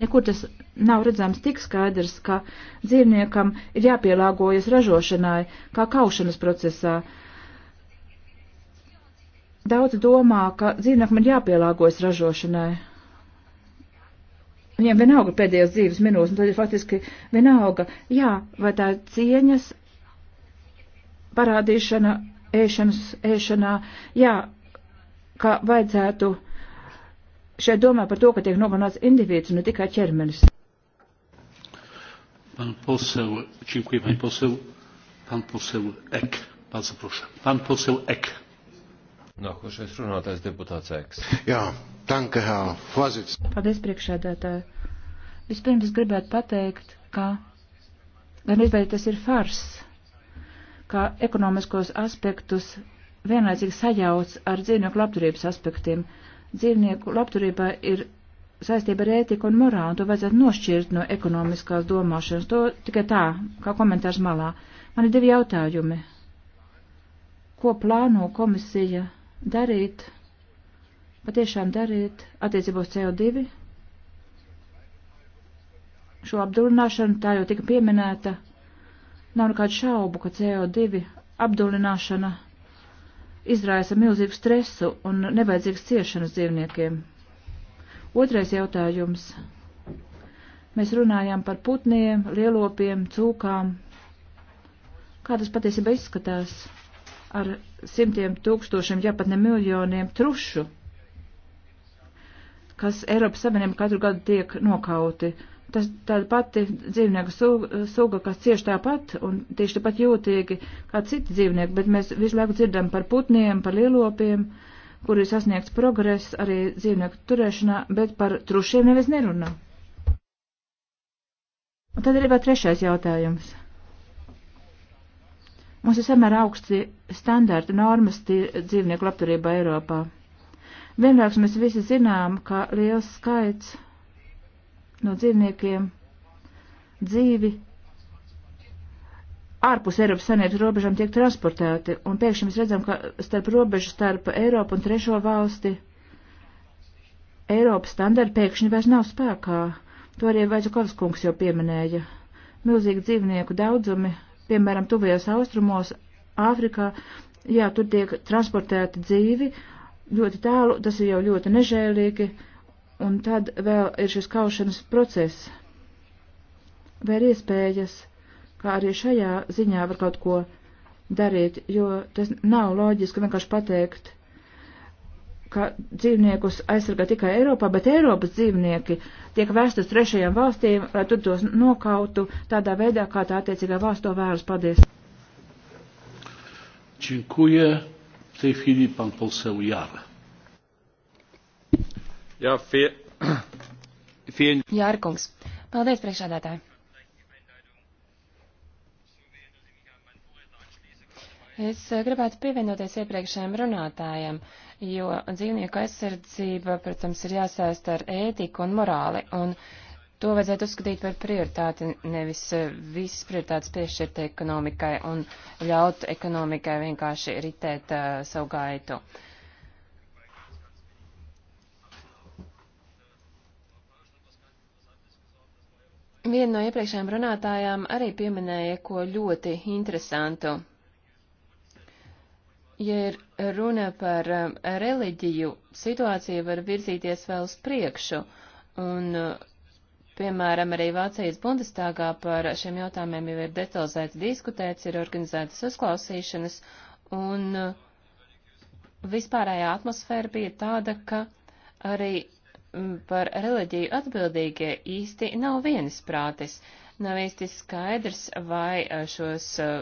Nekur tas nav redzams tik skaidrs, ka dzīvniekam ir jāpielāgojas ražošanai, kā kaušanas procesā. Daudz domā, ka dzīvniekam ir jāpielāgojas ražošanai. Viņiem vienalga pēdējos dzīves minūtes, un tad ir faktiski vienalga, jā, vai tā ir cieņas parādīšana ēšanas, ēšanā, jā, ka vajadzētu šeit domāt par to, ka tiek nogalināts individs un ne tikai ķermenis. Pan poseł, dziękuję pani poseł. Pan poseł Ek, bardzo proszę. Pan poseł Ek. Nākošais no, runātais deputāts Eks. Jā, tanka, Herr Fozits. Paldies, priekšēdētāji. Vispirms gribētu pateikt, ka gan izbeidz tas ir fars kā ekonomiskos aspektus vienlaicīgi sajauc ar dzīvnieku labturības aspektiem. Dzīvnieku labturībā ir saistība ar ētiku un morālu, un to vajadzētu nošķirt no ekonomiskās domāšanas. To tikai tā, kā komentārs malā. Man ir divi jautājumi. Ko plāno komisija darīt, patiešām darīt attiecībos CO2? Šo apdrunāšanu tā jau tika pieminēta Nav nekādu šaubu, ka CO2 apdulināšana izraisa milzīgu stresu un nevajadzīgas ciešanas dzīvniekiem. Otrais jautājums. Mēs runājām par putniem, lielopiem, cūkām. Kā tas patiesībā izskatās ar simtiem tūkstošiem, ja pat ne miljoniem trušu, kas Eiropas Savienībā katru gadu tiek nokauti? Uh, Tas tāda pati dzīvnieku suga, kas cieši tāpat un tieši tāpat jūtīgi kā citi dzīvnieki, bet mēs visu laiku dzirdam par putniem, par lielopiem, kur ir sasniegts progress arī dzīvnieku turēšanā, bet par trušiem nevis nerunā. Un tad ir vēl trešais jautājums. Mums ir samērā augsti standarti normas dzīvnieku labturībā Eiropā. Vienlaiks mēs visi zinām, ka liels skaits no dzīvniekiem dzīvi ārpus Eiropas Savienības robežām tiek transportēti, un pēkšņi mēs redzam, ka starp robežu starp Eiropu un trešo valsti Eiropas standarti pēkšņi vairs nav spēkā. To arī Vaidžakovs kungs jau pieminēja. Milzīgi dzīvnieku daudzumi, piemēram, tuvajos austrumos, Āfrikā, jā, tur tiek transportēti dzīvi ļoti tālu, tas ir jau ļoti nežēlīgi. Un tad vēl ir šis kaušanas process. Vai ir iespējas, kā arī šajā ziņā var kaut ko darīt, jo tas nav loģiski vienkārši pateikt, ka dzīvniekus aizsargā tikai Eiropā, bet Eiropas dzīvnieki tiek vēst uz trešajām valstīm, lai tur tos nokautu tādā veidā, kā tā attiecīgā valsts to vēlas. Paldies! Dziękuję. W tej chwili pan poseł Jara. Jā, fie... fie... Jārkungs. Paldies, priekšādātāji. Es gribētu pievienoties iepriekšējiem runātājiem, jo dzīvnieku aizsardzība, protams, ir jāsēst ar ētiku un morāli, un to vajadzētu uzskatīt par prioritāti, nevis visas prioritātes piešķirt ekonomikai un ļaut ekonomikai vienkārši ritēt uh, savu gaitu. Uh, Viena no iepriekšējām runātājām arī pieminēja ko ļoti interesantu. Ja ir runa par um, reliģiju, situācija var virzīties vēl uz priekšu, un, uh, piemēram, arī Vācijas Bundestāgā par šiem jautājumiem jau ir detalizēts diskutēts, ir organizētas uzklausīšanas, un uh, vispārējā atmosfēra bija tāda, ka arī par reliģiju atbildīgie īsti nav vienisprātis. Nav īsti skaidrs, vai eh, šos eh,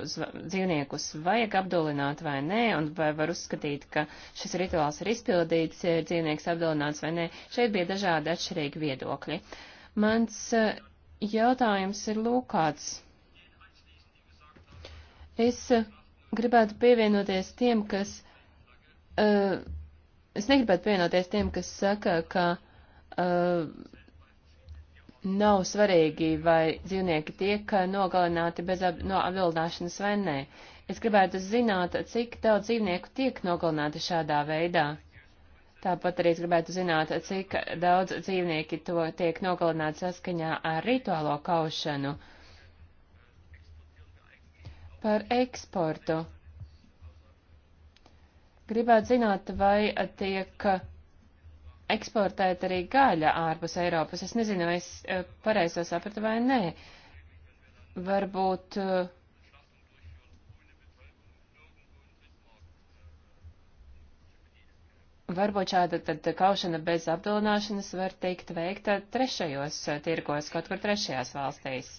dzīvniekus vajag apdulināt vai nē, un vai var uzskatīt, ka šis rituāls ir izpildīts, ir dzīvnieks apdulināts vai nē. Šeit bija dažādi atšķirīgi viedokļi. Mans eh, jautājums ir lūkāts. Es gribētu pievienoties tiem, kas. Uh, es negribētu pievienoties tiem, kas saka, ka uh, Uh, nav svarīgi, vai dzīvnieki tiek nogalināti bez ab, no apvilināšanas vai nē. Es gribētu zināt, cik daudz dzīvnieku tiek nogalināti šādā veidā. Tāpat arī es gribētu zināt, cik daudz dzīvnieki to tiek nogalināti saskaņā ar rituālo kaušanu. Par eksportu. Gribētu zināt, vai tiek eksportēt arī gaļa ārpus Eiropas. Es nezinu, vai es eh, pareizo sapratu vai nē. Varbūt. Eh, varbūt šāda tad kaušana bez apdulināšanas var tikt veikta trešajos eh, tirgos, kaut kur trešajās valstīs.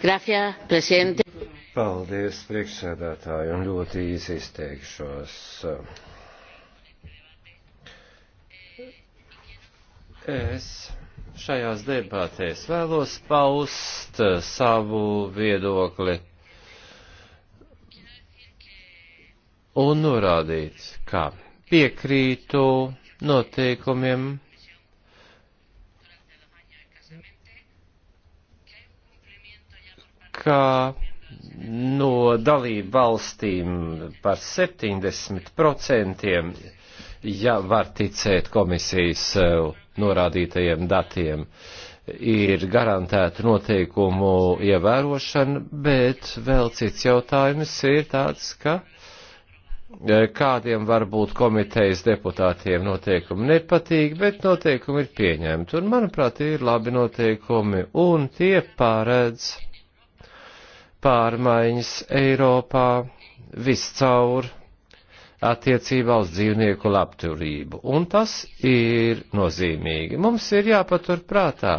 Gracias, presidente. Paldies, priekšsēdētāji, un ļoti īsi izteikšos. Es šajās debatēs vēlos paust savu viedokli un norādīt, ka piekrītu noteikumiem, ka no dalību valstīm par 70%, ja var ticēt komisijas eh, norādītajiem datiem, ir garantēta noteikumu ievērošana, bet vēl cits jautājums ir tāds, ka eh, kādiem varbūt komitejas deputātiem noteikumi nepatīk, bet noteikumi ir pieņemti. Un, manuprāt, ir labi noteikumi, un tie pārēdz pārmaiņas Eiropā viscaur attiecībā uz dzīvnieku labturību, un tas ir nozīmīgi. Mums ir jāpatur prātā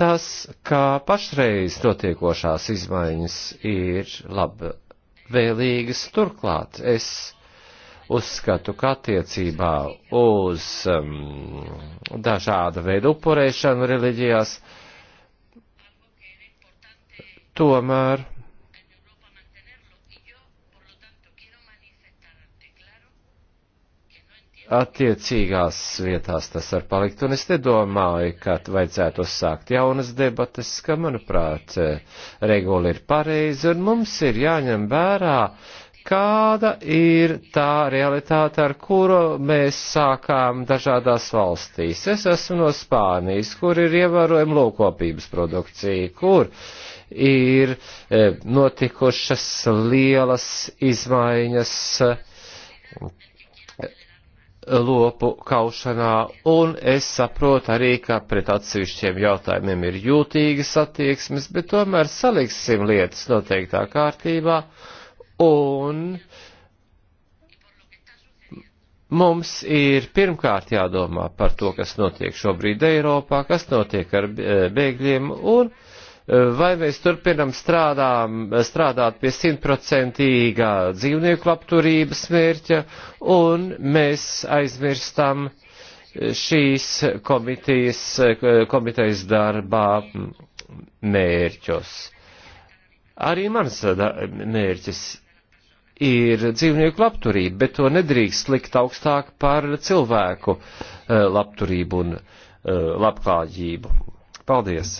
tas, kā pašreiz notiekošās izmaiņas ir labvēlīgas. Turklāt es uzskatu, ka attiecībā uz um, dažāda veida upurēšanu reliģijās uh, tomēr attiecīgās vietās tas var palikt, un es nedomāju, ka vajadzētu uzsākt jaunas debates, ka, manuprāt, regula ir pareiza, un mums ir jāņem vērā, kāda ir tā realitāte, ar kuru mēs sākām dažādās valstīs. Es esmu no Spānijas, kur ir ievērojama lūkopības produkcija, kur uh, ir e, notikušas lielas izmaiņas e, lopu kaušanā, un es saprotu arī, ka pret atsevišķiem jautājumiem ir jūtīgas attieksmes, bet tomēr saliksim lietas noteiktā kārtībā, un mums ir pirmkārt jādomā par to, kas notiek šobrīd Eiropā, kas notiek ar bēgļiem, un Eh, vai mēs turpinam strādām, eh, strādāt pie simtprocentīgā dzīvnieku labturības mērķa, un mēs aizmirstam eh, šīs komitejas, komitejas darbā mērķus. Arī mans mērķis ir dzīvnieku labturība, bet to nedrīkst likt augstāk par cilvēku labturību un labklājību. Paldies!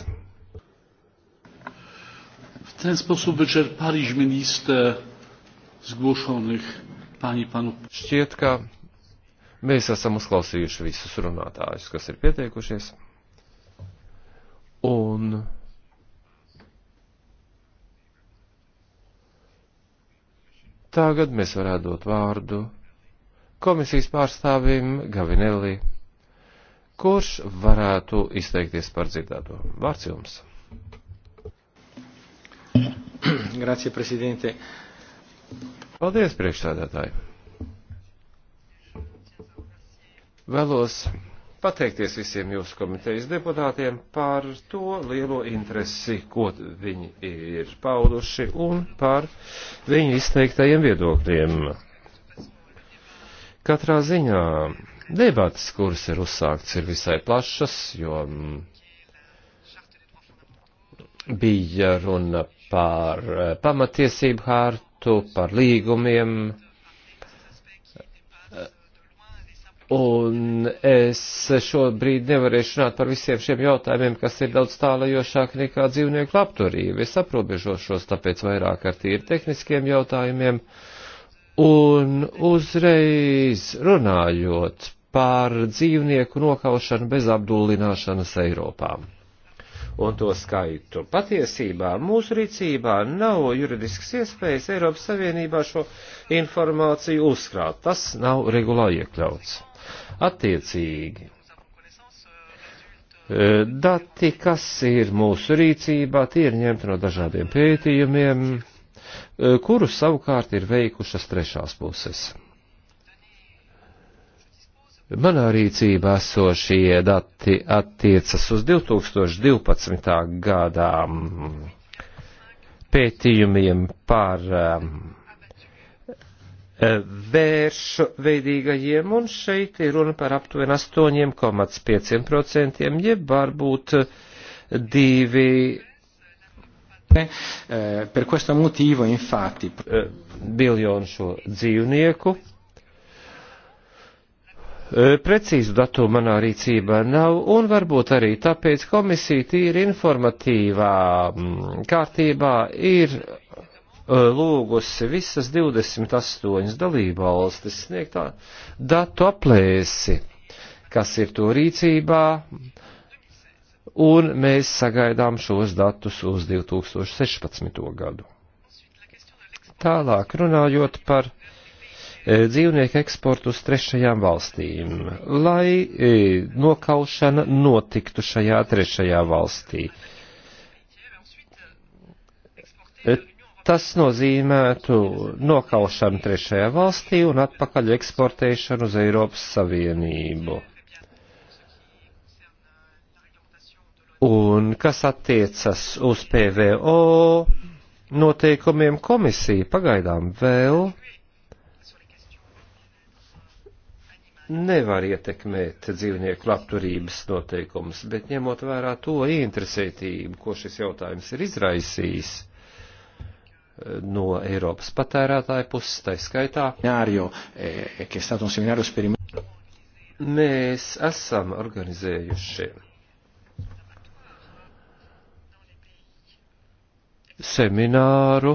ten sposób wyczerpaliśmy listę zgłoszonych pań i panów. Šķiet, ka mēs esam uzklausījuši visus runātājus, kas ir pieteikušies. Un tagad mēs varētu dot vārdu komisijas pārstāvim Gavinelli, kurš varētu izteikties par dzirdēto. Vārds jums! Grazie, prezidente. Paldies, priekšstādātāji. Vēlos pateikties visiem jūsu komitejas deputātiem par to lielo interesi, ko viņi ir pauduši un par viņu izteiktajiem viedokļiem. Katrā ziņā debatas, kuras ir uzsākts, ir visai plašas, jo bija runa par eh, pamatiesību hārtu, par līgumiem. Eh, un es šobrīd nevarēšu runāt par visiem šiem jautājumiem, kas ir daudz tālajošāk nekā dzīvnieku labturība. Es aprobežošos tāpēc vairāk ar tīri tehniskiem jautājumiem. Un uzreiz runājot par dzīvnieku nokaušanu bez apdullināšanas Eiropām un to skaitu. Patiesībā mūsu rīcībā nav juridisks iespējas Eiropas Savienībā šo informāciju uzkrāt. Tas nav regulā iekļauts. Attiecīgi. E, dati, kas ir mūsu rīcībā, tie ir ņemti no dažādiem pētījumiem, e, kurus savukārt ir veikušas trešās puses. Manā rīcībā esošie dati attiecas uz 2012. gadām mm, pētījumiem par mm, vēršu veidīgajiem, un šeit ir runa par aptuveni 8,5%, jeb varbūt divi. Eh, per questo motivo, infatti, eh, biljonu šo dzīvnieku Eh, precīzu datumu manā rīcībā nav, un varbūt arī tāpēc komisija tīri informatīvā mm, kārtībā ir eh, lūgusi visas 28 dalībvalstis sniegt datu aplēsi, kas ir to rīcībā, un mēs sagaidām šos datus uz 2016. gadu. Tālāk runājot par E, dzīvnieku eksportu uz trešajām valstīm, lai e, nokaušana notiktu šajā trešajā valstī. E, tas nozīmētu nokaušanu trešajā valstī un atpakaļ eksportēšanu uz Eiropas Savienību. Un kas attiecas uz PVO noteikumiem komisija pagaidām vēl nevar ietekmēt dzīvnieku labturības noteikumus, bet ņemot vērā to ieinteresētību, ko šis jautājums ir izraisījis eh, no Eiropas patērētāja puses, tai skaitā. Eh, eh, mēs esam organizējuši semināru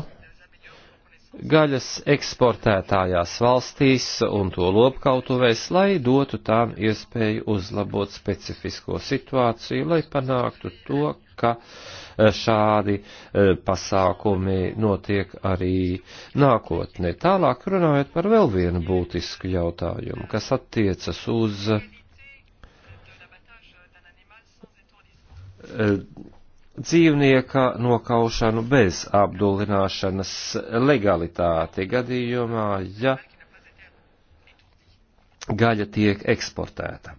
gaļas eksportētājās valstīs un to lopkautuvēs, lai dotu tām iespēju uzlabot specifisko situāciju, lai panāktu to, ka e, šādi e, pasākumi notiek arī nākotnē. Tālāk runājot par vēl vienu būtisku jautājumu, kas attiecas uz e, dzīvnieka nokaušanu bez apdulināšanas legalitāti gadījumā, ja gaļa tiek eksportēta.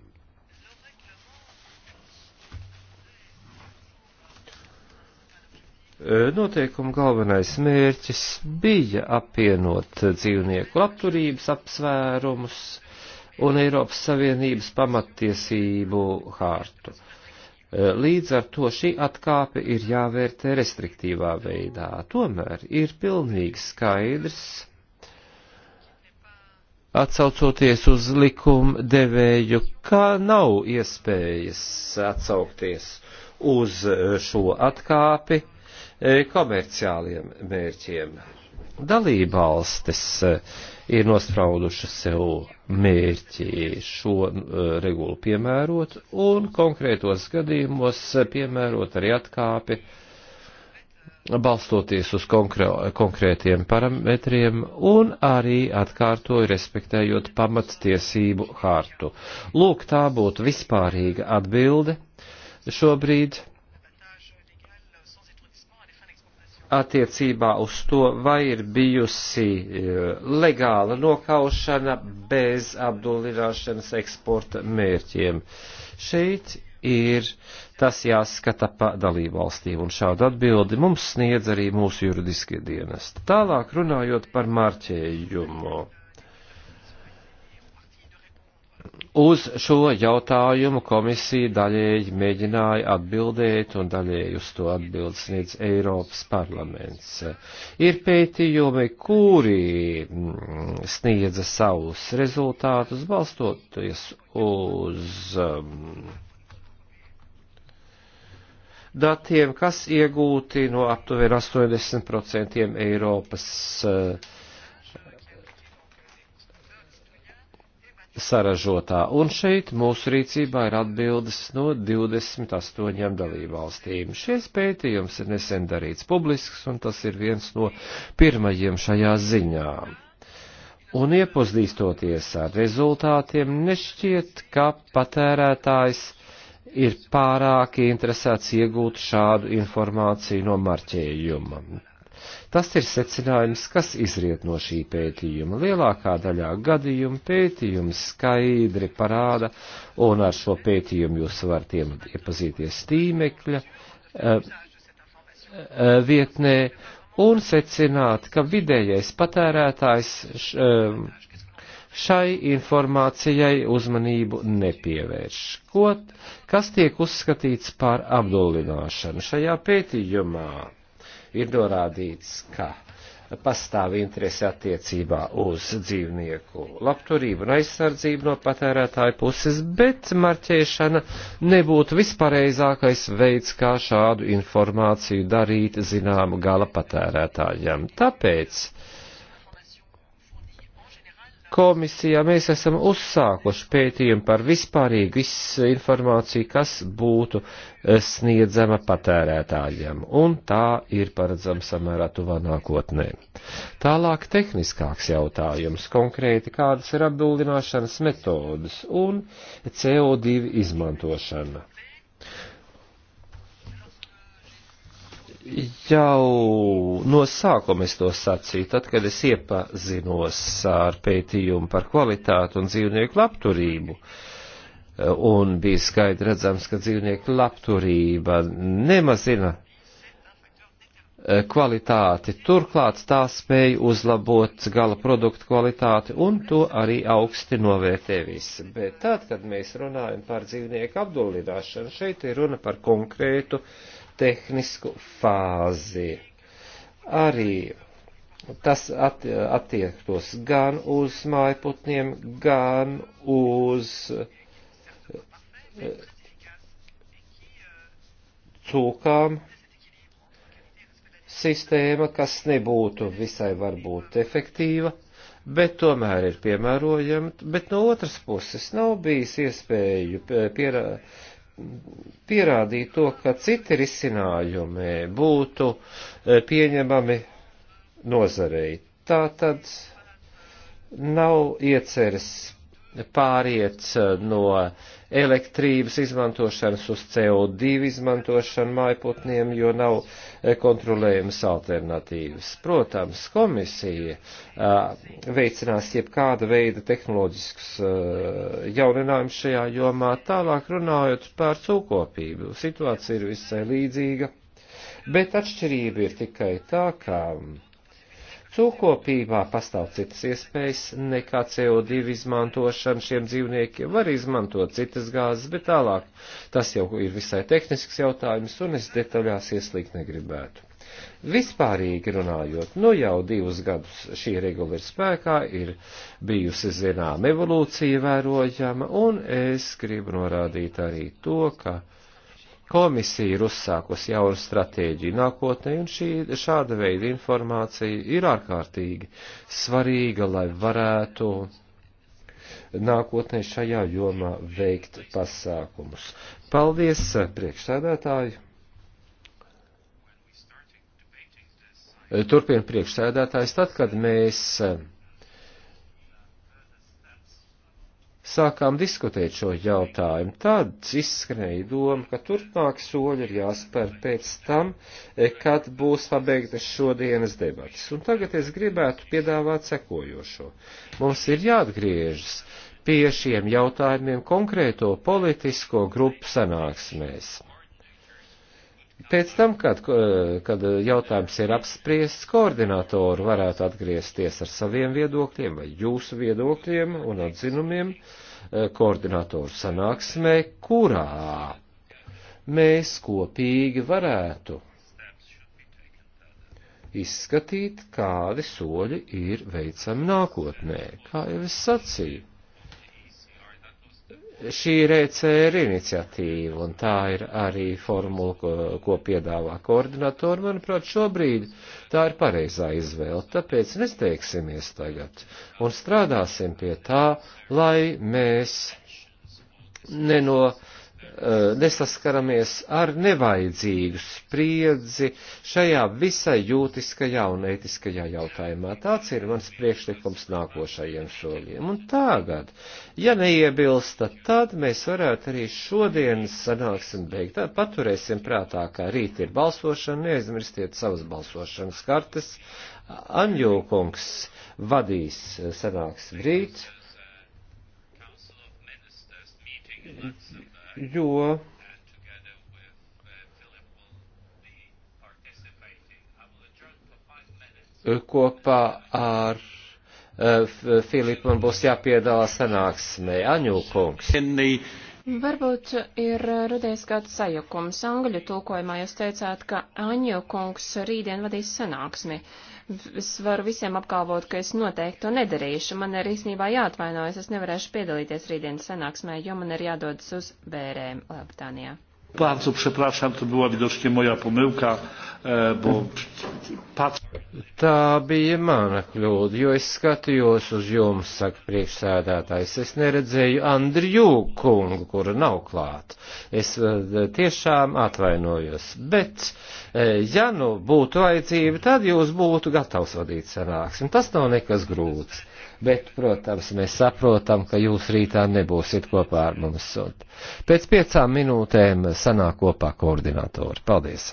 E, noteikuma galvenais mērķis bija apvienot dzīvnieku labturības apsvērumus un Eiropas Savienības pamattiesību hārtu. Uh, Eh, līdz ar to šī atkāpe ir jāvērtē restriktīvā veidā. Tomēr ir pilnīgi skaidrs, atsaucoties uz likuma devēju, ka nav iespējas atsaukties uz eh, šo atkāpi eh, komerciāliem mērķiem. Dalībvalstis ir nospraudušas sev mērķi šo uh, regulu piemērot un konkrētos gadījumos piemērot arī atkāpi, balstoties uz konkrē, konkrētiem parametriem un arī atkārtoju respektējot pamatstiesību hartu. Lūk, tā būtu vispārīga atbilde šobrīd attiecībā uz to, vai ir bijusi e, legāla nokaušana bez apdullināšanas eksporta mērķiem. Šeit ir tas jāskata pa dalībvalstīm, un šādu atbildi mums sniedz arī mūsu juridiskie dienesti. Tālāk runājot par marķējumu. Uz šo jautājumu komisija daļēji mēģināja atbildēt un daļēji uz to atbild sniedz Eiropas parlaments. Ir pētījumi, kuri mm, sniedza savus rezultātus balstoties uz um, datiem, kas iegūti no aptuveni 80% Eiropas uh, saražotā, un šeit mūsu rīcībā ir atbildes no 28 dalībvalstīm. Šies pētījums ir nesen darīts publisks, un tas ir viens no pirmajiem šajā ziņā. Un iepazīstoties ar rezultātiem, nešķiet, ka patērētājs ir pārāk interesēts iegūt šādu informāciju no marķējuma. Tas ir secinājums, kas izriet no šī pētījuma. Lielākā daļā gadījumu pētījums skaidri parāda, un ar šo pētījumu jūs varat iepazīties tīmekļa eh, eh, vietnē un secināt, ka vidējais patērētājs eh, šai informācijai uzmanību nepievērš. Ko, kas tiek uzskatīts par apdullināšanu šajā pētījumā? ir norādīts, ka pastāv interese attiecībā uz dzīvnieku labturību un aizsardzību no patērētāju puses, bet marķēšana nebūtu vispareizākais veids, kā šādu informāciju darīt zināmu gala patērētājiem. Tāpēc komisijā mēs esam uzsākuši pētījumu par vispārīgu informāciju, kas būtu eh, sniedzama patērētājiem, un tā ir paredzama samērā tuvā nākotnē. Tālāk tehniskāks jautājums konkrēti, kādas ir apdullināšanas metodas un CO2 izmantošana jau no sākuma es to sacīju, tad, kad es iepazinos ar pētījumu par kvalitātu un dzīvnieku labturību, un bija skaidri redzams, ka dzīvnieku labturība nemazina e, kvalitāti, turklāt tā spēja uzlabot gala produktu kvalitāti, un to arī augsti novērtē visi. Bet tad, kad mēs runājam par dzīvnieku apdullināšanu, šeit ir runa par konkrētu uh, tehnisku fāzi. Arī tas at, attiektos gan uz mājputniem, gan uz eh, cūkām sistēma, kas nebūtu visai varbūt efektīva, bet tomēr ir piemērojama, bet no otras puses nav bijis iespēju eh, pierādīt pierādīt to, ka citi risinājumi būtu e, pieņemami nozarei. Tā tad nav ieceres pāriet e, no uh, elektrības izmantošanas uz CO2 izmantošanu mājputniem, jo nav eh, kontrolējumas alternatīvas. Protams, komisija veicinās jebkāda veida tehnoloģiskus jauninājumus šajā jomā. Tālāk runājot par cūkopību, situācija ir visai līdzīga, bet atšķirība ir tikai tā, ka Cūkopībā pastāv citas iespējas nekā CO2 izmantošana šiem dzīvniekiem. Var izmantot citas gāzes, bet tālāk tas jau ir visai tehnisks jautājums, un es detaļās ieslīgt negribētu. Vispārīgi runājot, nu jau divus gadus šī regula ir spēkā, ir bijusi zinām evolūcija vērojama, un es gribu norādīt arī to, ka Komisija ir uzsākusi jaunu stratēģiju nākotnē, un šī, šāda veida informācija ir ārkārtīgi svarīga, lai varētu nākotnē šajā jomā veikt pasākumus. Paldies, priekšsēdētāji! Turpin priekšsēdētājs, tad, kad mēs sākām diskutēt šo jautājumu, tad izskanēja doma, ka turpmāk soļi ir jāspēr pēc tam, e, kad būs pabeigtas šodienas debatas. Un tagad es gribētu piedāvāt sekojošo. Mums ir jāatgriežas pie šiem jautājumiem konkrēto politisko grupu sanāksmēs. Pēc tam, kad, kad jautājums ir apspriests, koordinatori varētu atgriezties ar saviem viedokļiem vai jūsu viedokļiem un atzinumiem eh, koordinatoru sanāksmē, kurā mēs kopīgi varētu izskatīt, kādi soļi ir veicami nākotnē, kā jau es sacīju Šī ir ECR iniciatīva, un tā ir arī formula, ko, ko piedāvā koordinatori. Manuprāt, šobrīd tā ir pareizā izvēle, tāpēc nesteigsimies tagad un strādāsim pie tā, lai mēs neno Eh, nesaskaramies ar nevajadzīgu spriedzi šajā visai jūtiskajā un ētiskajā jautājumā. Tāds ir mans priekšlikums nākošajiem soļiem. Un tagad, ja neiebilsta, tad mēs varētu arī šodienas sanāksim beigt. Tad paturēsim prātā, ka rīt ir balsošana, neaizmirstiet savas balsošanas kartes. Anjūkungs vadīs eh, sanāksim rīt jo kopā ar eh, Filipu man būs jāpiedalās sanāksmē. Aņūkungs. Varbūt ir radies kāds sajukums. Angļu tulkojumā jūs teicāt, ka Aņūkungs rītdien vadīs sanāksmi. Uh, es varu visiem apgalvot, ka es noteikti to nedarīšu. Man ir īstenībā jāatvainojas, es nevarēšu piedalīties rītdienas sanāksmē, jo man ir jādodas uz bērēm Lielbritānijā. Bardzo przepraszam, to była widocznie moja pomyłka, e, bo pats. Tā bija mana kļūda, jo es skatījos uz jums, saka priekšsēdētājs. Es neredzēju Andriju kungu, kura nav klāt. Es e, tiešām atvainojos. Bet, e, ja nu būtu vajadzība, tad jūs būtu gatavs vadīt sanāksim. Tas nav nekas grūts bet, protams, mēs saprotam, ka jūs rītā nebūsiet kopā ar mums. Un pēc piecām minūtēm sanāk kopā koordinatori. Paldies!